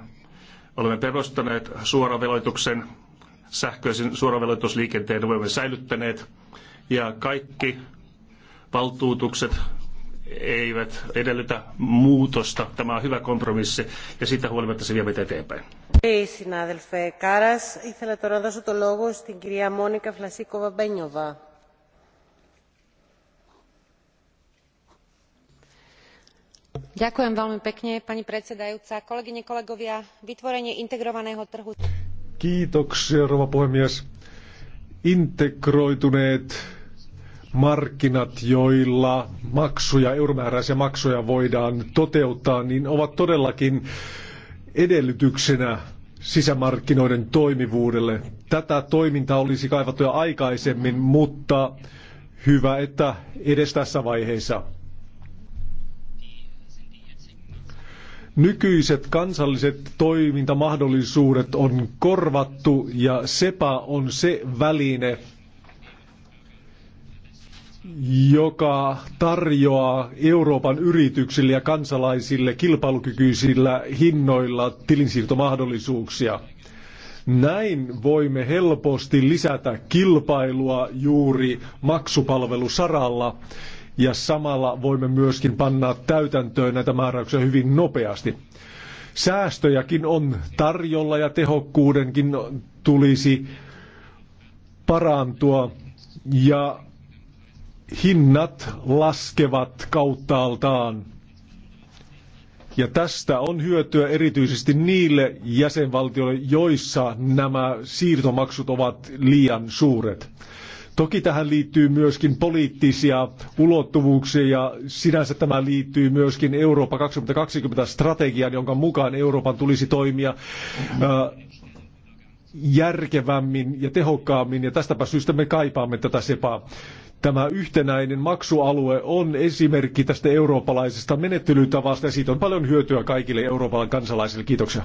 olemme perustaneet suoraveloituksen, sähköisen suoraveloitusliikenteen olemme säilyttäneet ja kaikki valtuutukset eivät edellytä muutosta. Tämä on hyvä kompromissi ja siitä huolimatta se vie meitä eteenpäin. ήθελα τώρα να δώσω το λόγο στην κυρία Μόνικα Φλασίκοβα Μπένιοβα. vytvorenie integrovaného trhu. Kiitoksia, rouva puhemies. Integroituneet markkinat, joilla maksuja, euromääräisiä maksuja voidaan toteuttaa, niin ovat todellakin edellytyksenä sisämarkkinoiden toimivuudelle. Tätä toimintaa olisi kaivattu jo aikaisemmin, mutta hyvä, että edes tässä vaiheessa Nykyiset kansalliset toimintamahdollisuudet on korvattu ja SEPA on se väline, joka tarjoaa Euroopan yrityksille ja kansalaisille kilpailukykyisillä hinnoilla tilinsiirtomahdollisuuksia. Näin voimme helposti lisätä kilpailua juuri maksupalvelusaralla ja samalla voimme myöskin panna täytäntöön näitä määräyksiä hyvin nopeasti. Säästöjäkin on tarjolla ja tehokkuudenkin tulisi parantua ja hinnat laskevat kauttaaltaan. Ja tästä on hyötyä erityisesti niille jäsenvaltioille, joissa nämä siirtomaksut ovat liian suuret. Toki tähän liittyy myöskin poliittisia ulottuvuuksia ja sinänsä tämä liittyy myöskin Eurooppa 2020 strategiaan, jonka mukaan Euroopan tulisi toimia äh, järkevämmin ja tehokkaammin ja tästäpä syystä me kaipaamme tätä SEPAa. Tämä yhtenäinen maksualue on esimerkki tästä eurooppalaisesta menettelytavasta ja siitä on paljon hyötyä kaikille Euroopan kansalaisille. Kiitoksia.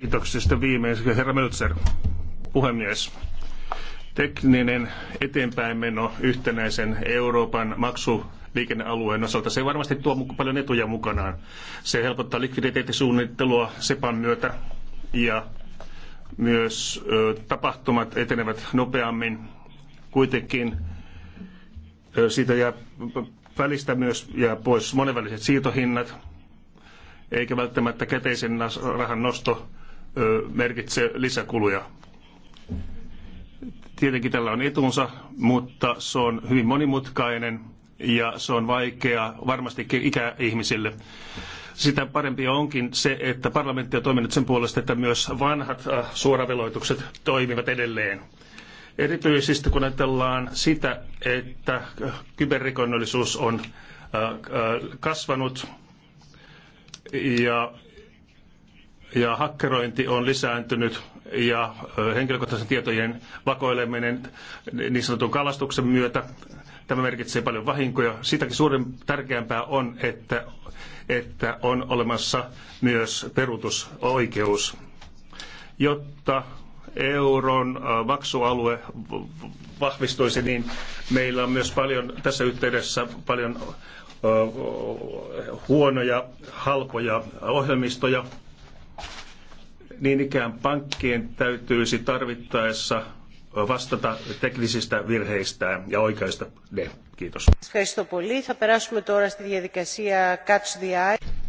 Kiitoksesta Sitten herra Möltser, puhemies tekninen eteenpäinmeno yhtenäisen Euroopan maksu liikennealueen osalta. Se varmasti tuo paljon etuja mukanaan. Se helpottaa likviditeettisuunnittelua SEPAn myötä ja myös tapahtumat etenevät nopeammin. Kuitenkin siitä jää välistä myös ja pois monenväliset siirtohinnat, eikä välttämättä käteisen rahan nosto merkitse lisäkuluja. Tietenkin tällä on etunsa, mutta se on hyvin monimutkainen ja se on vaikea varmastikin ikäihmisille. Sitä parempi onkin se, että parlamentti on toiminut sen puolesta, että myös vanhat äh, suoraveloitukset toimivat edelleen. Erityisesti kun ajatellaan sitä, että kyberrikonnollisuus on äh, äh, kasvanut ja, ja hakkerointi on lisääntynyt ja henkilökohtaisen tietojen vakoileminen niin sanotun kalastuksen myötä. Tämä merkitsee paljon vahinkoja. Sitäkin suurin tärkeämpää on, että, että on olemassa myös peruutusoikeus, jotta euron maksualue vahvistuisi, niin meillä on myös paljon tässä yhteydessä paljon huonoja, halpoja ohjelmistoja, niin ikään pankkien täytyisi tarvittaessa vastata teknisistä virheistään ja oikaista ne. Kiitos.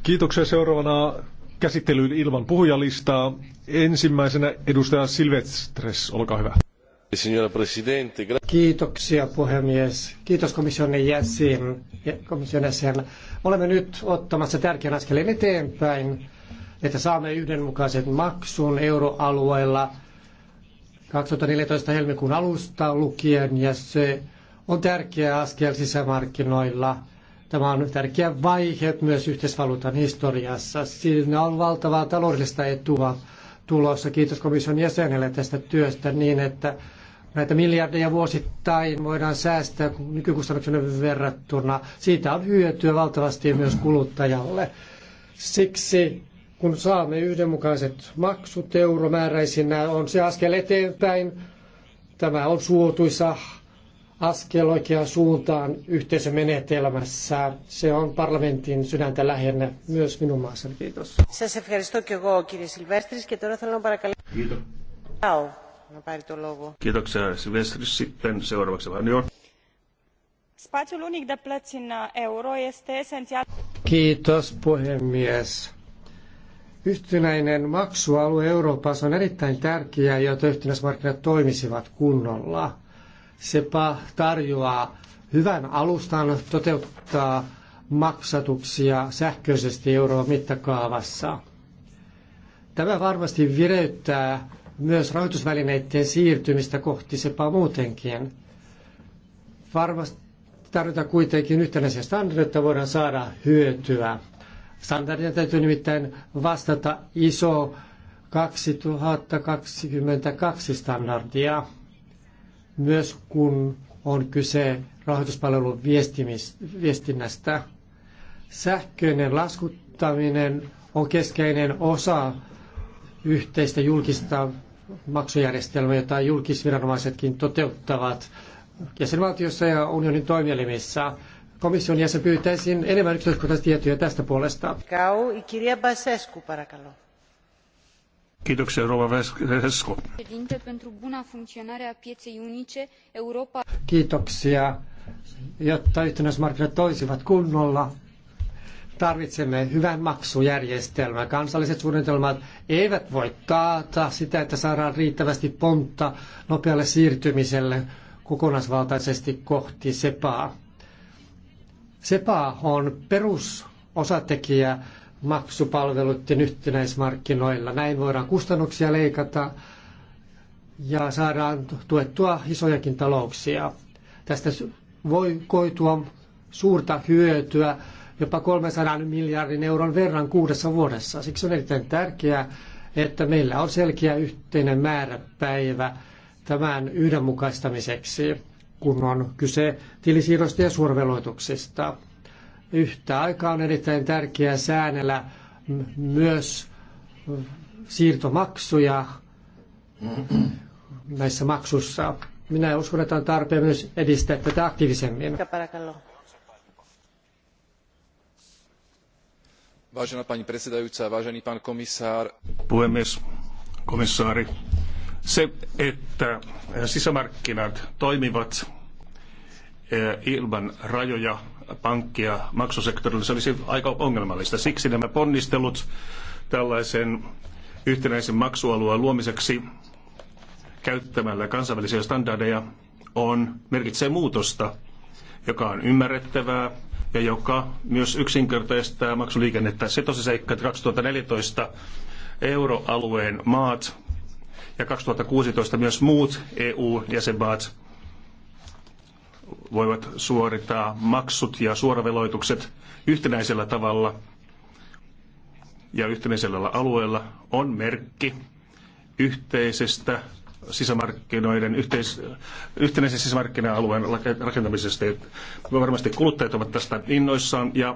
Kiitoksia seuraavana käsittelyyn ilman puhujalistaa. Ensimmäisenä edustaja Silvestres, olkaa hyvä. Kiitoksia puhemies. Kiitos komission jäsen. Komission jäsen. Olemme nyt ottamassa tärkeän askeleen eteenpäin että saamme yhdenmukaiset maksun euroalueella 2014 helmikuun alusta lukien ja se on tärkeä askel sisämarkkinoilla. Tämä on tärkeä vaihe myös yhteisvaluutan historiassa. Siinä on valtavaa taloudellista etua tulossa. Kiitos komission jäsenelle tästä työstä niin, että näitä miljardeja vuosittain voidaan säästää nykykustannuksen verrattuna. Siitä on hyötyä valtavasti myös kuluttajalle. Siksi kun saamme yhdenmukaiset maksut euromääräisinä, on se askel eteenpäin. Tämä on suotuisa askel oikeaan suuntaan yhteisömenetelmässä. Se on parlamentin sydäntä lähellä myös minun maassani. Kiitos. Σας ευχαριστώ και εγώ κύριε Σιλβέστρης και τώρα θέλω να Kiitos. Kiitoksia Silvestris. Sitten seuraavaksi vaan jo. Spațiul unic de plăți în euro este esențial. Kiitos puhemies Yhtenäinen maksualue Euroopassa on erittäin tärkeää, jotta yhtenäismarkkinat toimisivat kunnolla. Sepa tarjoaa hyvän alustan toteuttaa maksatuksia sähköisesti Euroopan mittakaavassa. Tämä varmasti vireyttää myös rahoitusvälineiden siirtymistä kohti SEPA muutenkin. Varmasti tarvitaan kuitenkin yhtenäisiä standardeja, voidaan saada hyötyä. Standardien täytyy nimittäin vastata ISO 2022 standardia, myös kun on kyse rahoituspalvelun viestinnästä. Sähköinen laskuttaminen on keskeinen osa yhteistä julkista maksujärjestelmää, jota julkisviranomaisetkin toteuttavat jäsenvaltiossa ja unionin toimielimissä komission jäsen pyytäisin enemmän yksityiskohtaisia tästä puolesta. Kau, kirja Basescu, parakalo. Kiitoksia, Rova Vesku. Pentru buna funcționare a pieței unice, Europa... Kiitoksia. Jotta yhtenäismarkkinat toisivat kunnolla, tarvitsemme hyvän maksujärjestelmän. Kansalliset suunnitelmat eivät voi taata sitä, että saadaan riittävästi pontta nopealle siirtymiselle kokonaisvaltaisesti kohti SEPAa. SEPA on perusosatekijä maksupalveluiden yhtenäismarkkinoilla. Näin voidaan kustannuksia leikata ja saadaan tuettua isojakin talouksia. Tästä voi koitua suurta hyötyä jopa 300 miljardin euron verran kuudessa vuodessa. Siksi on erittäin tärkeää, että meillä on selkeä yhteinen määräpäivä tämän yhdenmukaistamiseksi kun on kyse tilisiirrosta ja suorveloituksesta. Yhtä aikaa on erittäin tärkeää säännellä myös siirtomaksuja näissä maksussa. Minä uskon, että on tarpeen myös edistää tätä aktiivisemmin. Vážená pani predsedajúca, vážený pán komisár. Puhemies, komissaari, se, että sisämarkkinat toimivat eh, ilman rajoja pankki- ja maksusektorilla, se olisi aika ongelmallista. Siksi nämä ponnistelut tällaisen yhtenäisen maksualueen luomiseksi käyttämällä kansainvälisiä standardeja on, merkitsee muutosta, joka on ymmärrettävää ja joka myös yksinkertaistaa maksuliikennettä. Se tosiseikka, että 2014 euroalueen maat ja 2016 myös muut EU-jäsenmaat voivat suorittaa maksut ja suoraveloitukset yhtenäisellä tavalla ja yhtenäisellä alueella on merkki yhteisestä sisämarkkinoiden, yhteis, yhtenäisen sisämarkkina-alueen rakentamisesta. Varmasti kuluttajat ovat tästä innoissaan ja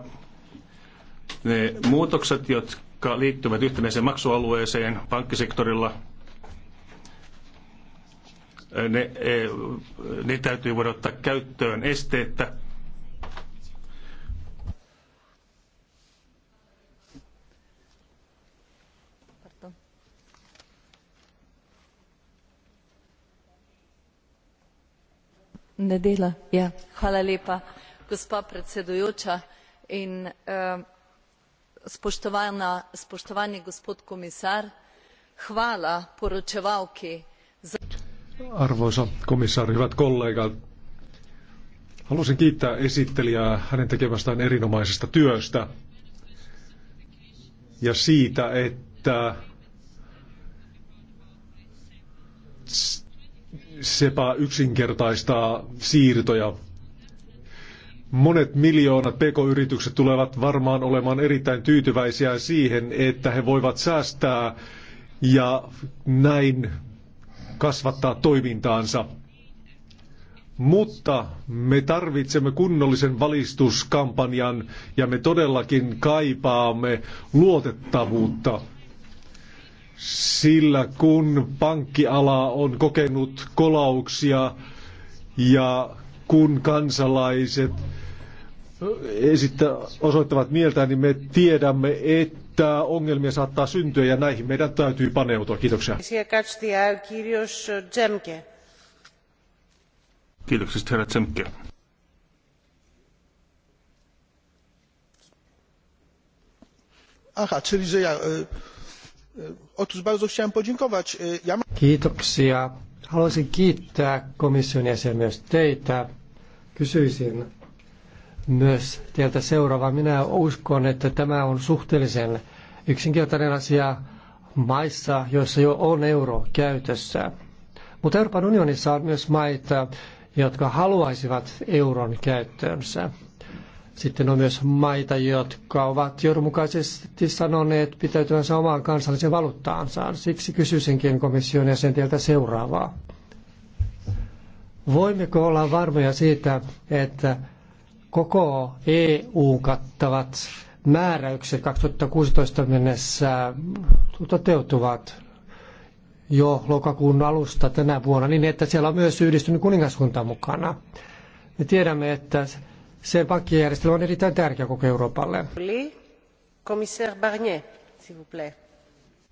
ne muutokset, jotka liittyvät yhtenäiseen maksualueeseen pankkisektorilla – ne, ne täytyy voida ottaa käyttöön esteettä. Nedela, ja. Hvala lepa, gospa predsedujoča in eh, spoštovana, spoštovani gospod komisar. Hvala poročevalki Arvoisa komissaari, hyvät kollegat, haluaisin kiittää esittelijää hänen tekemästään erinomaisesta työstä ja siitä, että sepa yksinkertaistaa siirtoja. Monet miljoonat pk-yritykset tulevat varmaan olemaan erittäin tyytyväisiä siihen, että he voivat säästää ja näin kasvattaa toimintaansa. Mutta me tarvitsemme kunnollisen valistuskampanjan ja me todellakin kaipaamme luotettavuutta. Sillä kun pankkiala on kokenut kolauksia ja kun kansalaiset esittä, osoittavat mieltä, niin me tiedämme, että että ongelmia saattaa syntyä ja näihin meidän täytyy paneutua. Kiitoksia. Kiitoksia herra Tsemke. Aha, czyli że ja... E, e, otóż bardzo chciałem podziękować. E, ja... Kiitoksia. Haluaisin kiittää komission jäsen myös teitä. Kysyisin, myös teiltä seuraava. Minä uskon, että tämä on suhteellisen yksinkertainen asia maissa, joissa jo on euro käytössä. Mutta Euroopan unionissa on myös maita, jotka haluaisivat euron käyttöönsä. Sitten on myös maita, jotka ovat johdonmukaisesti sanoneet pitäytyvänsä omaan kansalliseen valuuttaansaan. Siksi kysyisinkin komission jäsentiltä seuraavaa. Voimmeko olla varmoja siitä, että koko EU kattavat määräykset 2016 mennessä toteutuvat jo lokakuun alusta tänä vuonna niin, että siellä on myös yhdistynyt kuningaskunta mukana. Me tiedämme, että se pankkijärjestelmä on erittäin tärkeä koko Euroopalle.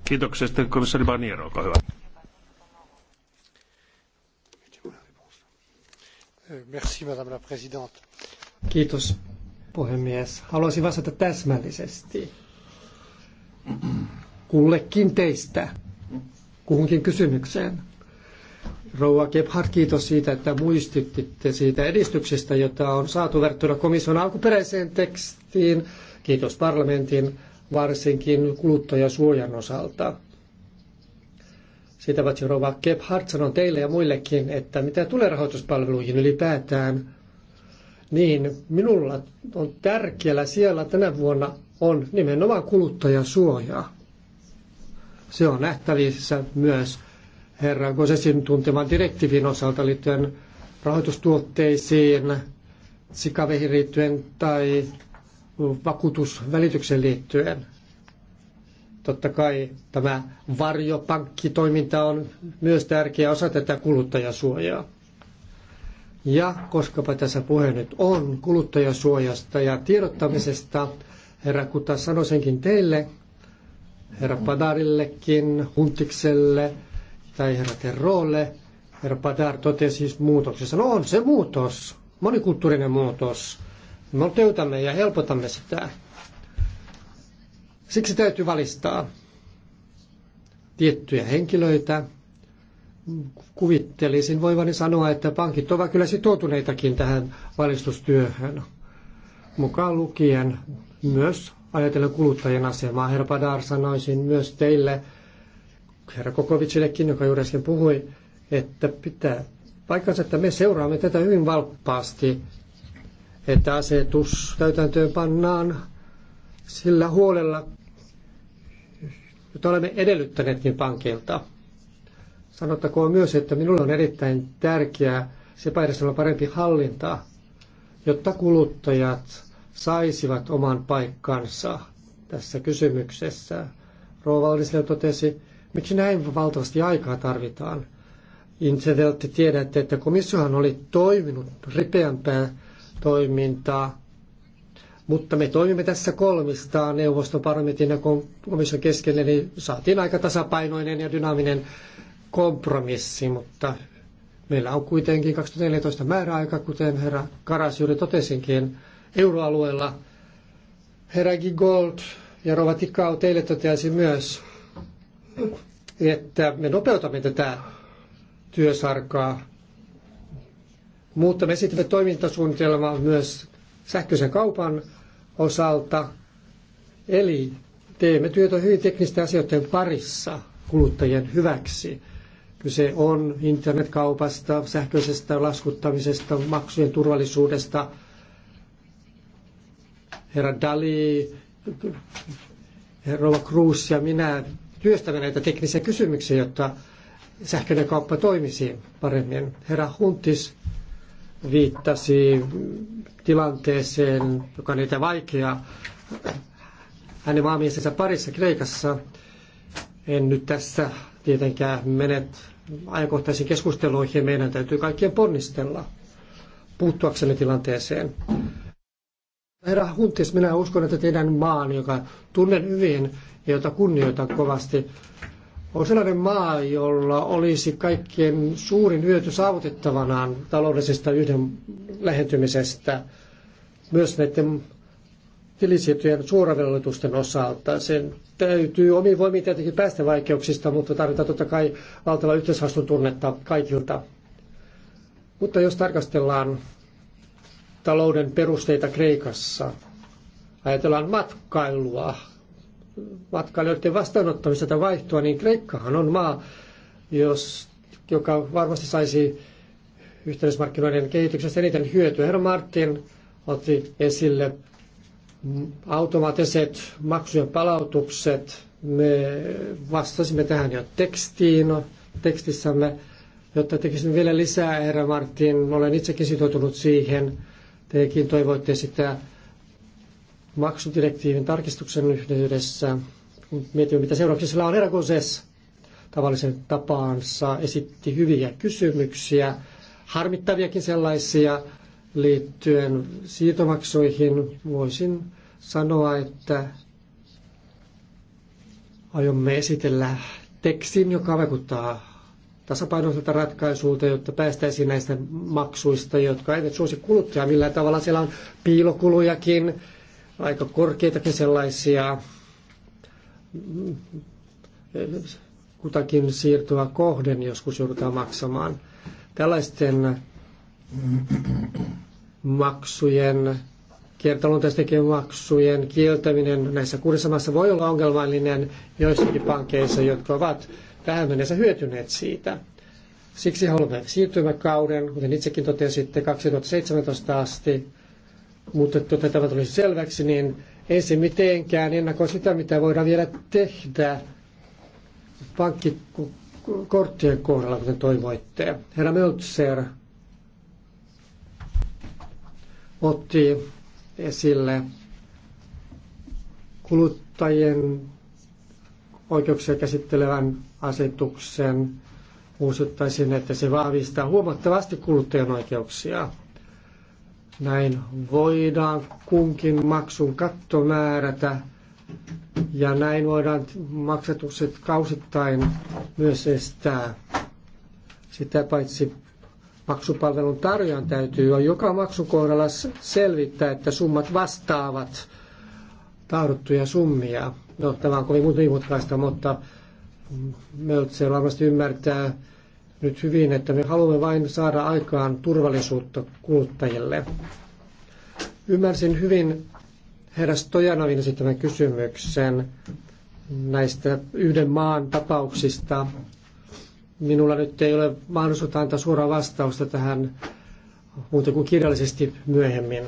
Kiitoksia. Sitten komissaari Barnier, olkaa hyvä. Merci, madame la présidente Kiitos puhemies. Haluaisin vastata täsmällisesti kullekin teistä kuhunkin kysymykseen. Rouva Gebhardt, kiitos siitä, että muistititte siitä edistyksestä, jota on saatu verrattuna komission alkuperäiseen tekstiin. Kiitos parlamentin, varsinkin kuluttajasuojan osalta. Sitä paitsi Rouva Gebhardt sanoi teille ja muillekin, että mitä tulee rahoituspalveluihin ylipäätään, niin minulla on tärkeällä siellä tänä vuonna on nimenomaan kuluttajasuojaa. Se on nähtävissä myös herran Gosesin tunteman direktiivin osalta liittyen rahoitustuotteisiin, sikaveihin liittyen tai vakuutusvälitykseen liittyen. Totta kai tämä varjopankkitoiminta on myös tärkeä osa tätä kuluttajasuojaa. Ja koskapa tässä puhe nyt on kuluttajasuojasta ja tiedottamisesta, herra Kuta sanoisinkin teille, herra Padarillekin, Huntikselle tai herra Terrolle, herra Padar totesi siis muutoksessa. No on se muutos, monikulttuurinen muutos. Me töytämme ja helpotamme sitä. Siksi täytyy valistaa tiettyjä henkilöitä, kuvittelisin voivani sanoa, että pankit ovat kyllä sitoutuneitakin tähän valistustyöhön, mukaan lukien myös ajatellen kuluttajien asemaa. Herra Padar sanoisin myös teille, herra Kokovicillekin, joka juuri äsken puhui, että pitää paikkansa, että me seuraamme tätä hyvin valppaasti, että asetus täytäntöön pannaan sillä huolella, jota olemme edellyttäneetkin niin pankilta. Sanottakoon myös, että minulle on erittäin tärkeää se järjestelmä parempi hallinta, jotta kuluttajat saisivat oman paikkansa tässä kysymyksessä. Rouva Aldisle totesi, miksi näin valtavasti aikaa tarvitaan. Insideltti tiedätte, että komissiohan oli toiminut ripeämpää toimintaa, mutta me toimimme tässä kolmista neuvoston parlamentin ja komission keskellä, niin saatiin aika tasapainoinen ja dynaaminen kompromissi, mutta meillä on kuitenkin 2014 määräaika, kuten herra Karas juuri totesinkin, euroalueella. Herra Gigold ja Rova Tikau teille toteaisin myös, että me nopeutamme tätä työsarkaa, mutta me esitämme toimintasuunnitelmaa myös sähköisen kaupan osalta. Eli teemme työtä hyvin teknisten asioiden parissa kuluttajien hyväksi. Kyse on internetkaupasta, sähköisestä laskuttamisesta, maksujen turvallisuudesta. Herra Dali, Rova Cruz ja minä työstämme näitä teknisiä kysymyksiä, jotta sähköinen kauppa toimisi paremmin. Herra Huntis viittasi tilanteeseen, joka on niitä vaikea hänen maamiesensä parissa Kreikassa. En nyt tässä tietenkään menet ajankohtaisiin keskusteluihin. Meidän täytyy kaikkien ponnistella puuttuaksemme tilanteeseen. Herra Huntis, minä uskon, että teidän maan, joka tunnen hyvin ja jota kunnioitan kovasti, on sellainen maa, jolla olisi kaikkien suurin hyöty saavutettavanaan taloudellisesta yhden lähentymisestä myös näiden tilisiirtojen suoravelvoitusten osalta. Sen täytyy omiin voimiin tietenkin päästä vaikeuksista, mutta tarvitaan totta kai valtava yhteisvastuun tunnetta kaikilta. Mutta jos tarkastellaan talouden perusteita Kreikassa, ajatellaan matkailua, matkailijoiden vastaanottamista tai vaihtoa, niin Kreikkahan on maa, jos, joka varmasti saisi yhteismarkkinoiden kehityksestä eniten hyötyä. Herra Martin otti esille automaattiset maksujen palautukset, me vastasimme tähän jo tekstiin, tekstissämme, jotta tekisimme vielä lisää, herra Martin, olen itsekin sitoutunut siihen, tekin toivoitte sitä maksudirektiivin tarkistuksen yhteydessä, mietimme mitä seurauksia sillä on, herra Koses tavallisen tapaansa esitti hyviä kysymyksiä, harmittaviakin sellaisia, liittyen siitomaksuihin voisin sanoa, että aiomme esitellä tekstin, joka vaikuttaa tasapainoiselta ratkaisuuteen, jotta päästäisiin näistä maksuista, jotka eivät suosi kuluttajaa millään tavalla. Siellä on piilokulujakin, aika korkeitakin sellaisia, mm, kutakin siirtoa kohden joskus joudutaan maksamaan. Tällaisten maksujen, kiertoluonteistenkin maksujen kieltäminen näissä kuudessa maassa voi olla ongelmallinen joissakin pankeissa, jotka ovat tähän mennessä hyötyneet siitä. Siksi haluamme siirtymäkauden, kuten itsekin totesitte, 2017 asti, mutta jotta tämä tulisi selväksi, niin ei se mitenkään ennakoi sitä, mitä voidaan vielä tehdä pankkikorttien kohdalla, kuten toivoitte. Herra Möltser otti esille kuluttajien oikeuksia käsittelevän asetuksen. Muistuttaisin, että se vahvistaa huomattavasti kuluttajan oikeuksia. Näin voidaan kunkin maksun katto määrätä ja näin voidaan maksatukset kausittain myös estää. Sitä paitsi maksupalvelun tarjoajan täytyy joka maksukohdalla selvittää, että summat vastaavat tahdottuja summia. No, tämä on kovin monimutkaista, mutta se varmasti ymmärtää nyt hyvin, että me haluamme vain saada aikaan turvallisuutta kuluttajille. Ymmärsin hyvin herra Stojanovin esittämän kysymyksen näistä yhden maan tapauksista Minulla nyt ei ole mahdollisuutta antaa suoraa vastausta tähän muuten kuin kirjallisesti myöhemmin.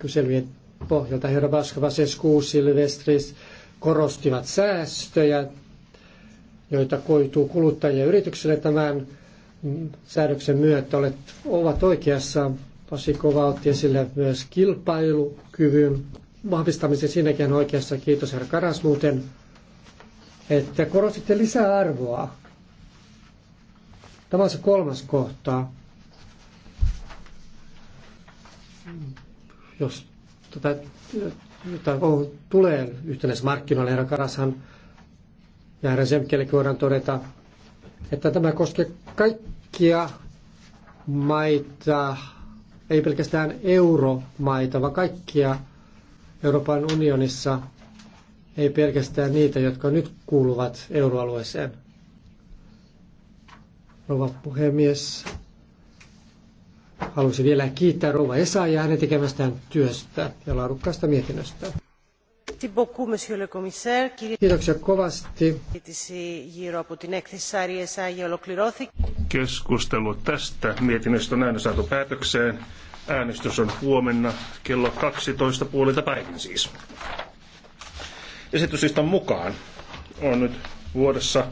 Kyselyjen pohjalta herra Baskava, Sesku, Silvestris korostivat säästöjä, joita koituu kuluttajien yrityksille tämän säädöksen myötä. Olet, ovat oikeassa. Kova otti esille myös kilpailukyvyn vahvistamisen sinnekin oikeassa. Kiitos herra Karas muuten, että korostitte lisää arvoa Tämä on se kolmas kohta. Jos tätä, on, tulee markkinoille, herra Karashan ja herra Semkellekin voidaan todeta, että tämä koskee kaikkia maita, ei pelkästään euromaita, vaan kaikkia Euroopan unionissa, ei pelkästään niitä, jotka nyt kuuluvat euroalueeseen rouva puhemies. Haluaisin vielä kiittää rouva Esa ja hänen tekemästään työstä ja laadukkaasta mietinnöstä. Kiitoksia kovasti. Keskustelu tästä mietinnöstä on aina saatu päätökseen. Äänestys on huomenna kello 12 puolilta päivän siis. Esitysistan mukaan on nyt vuodessa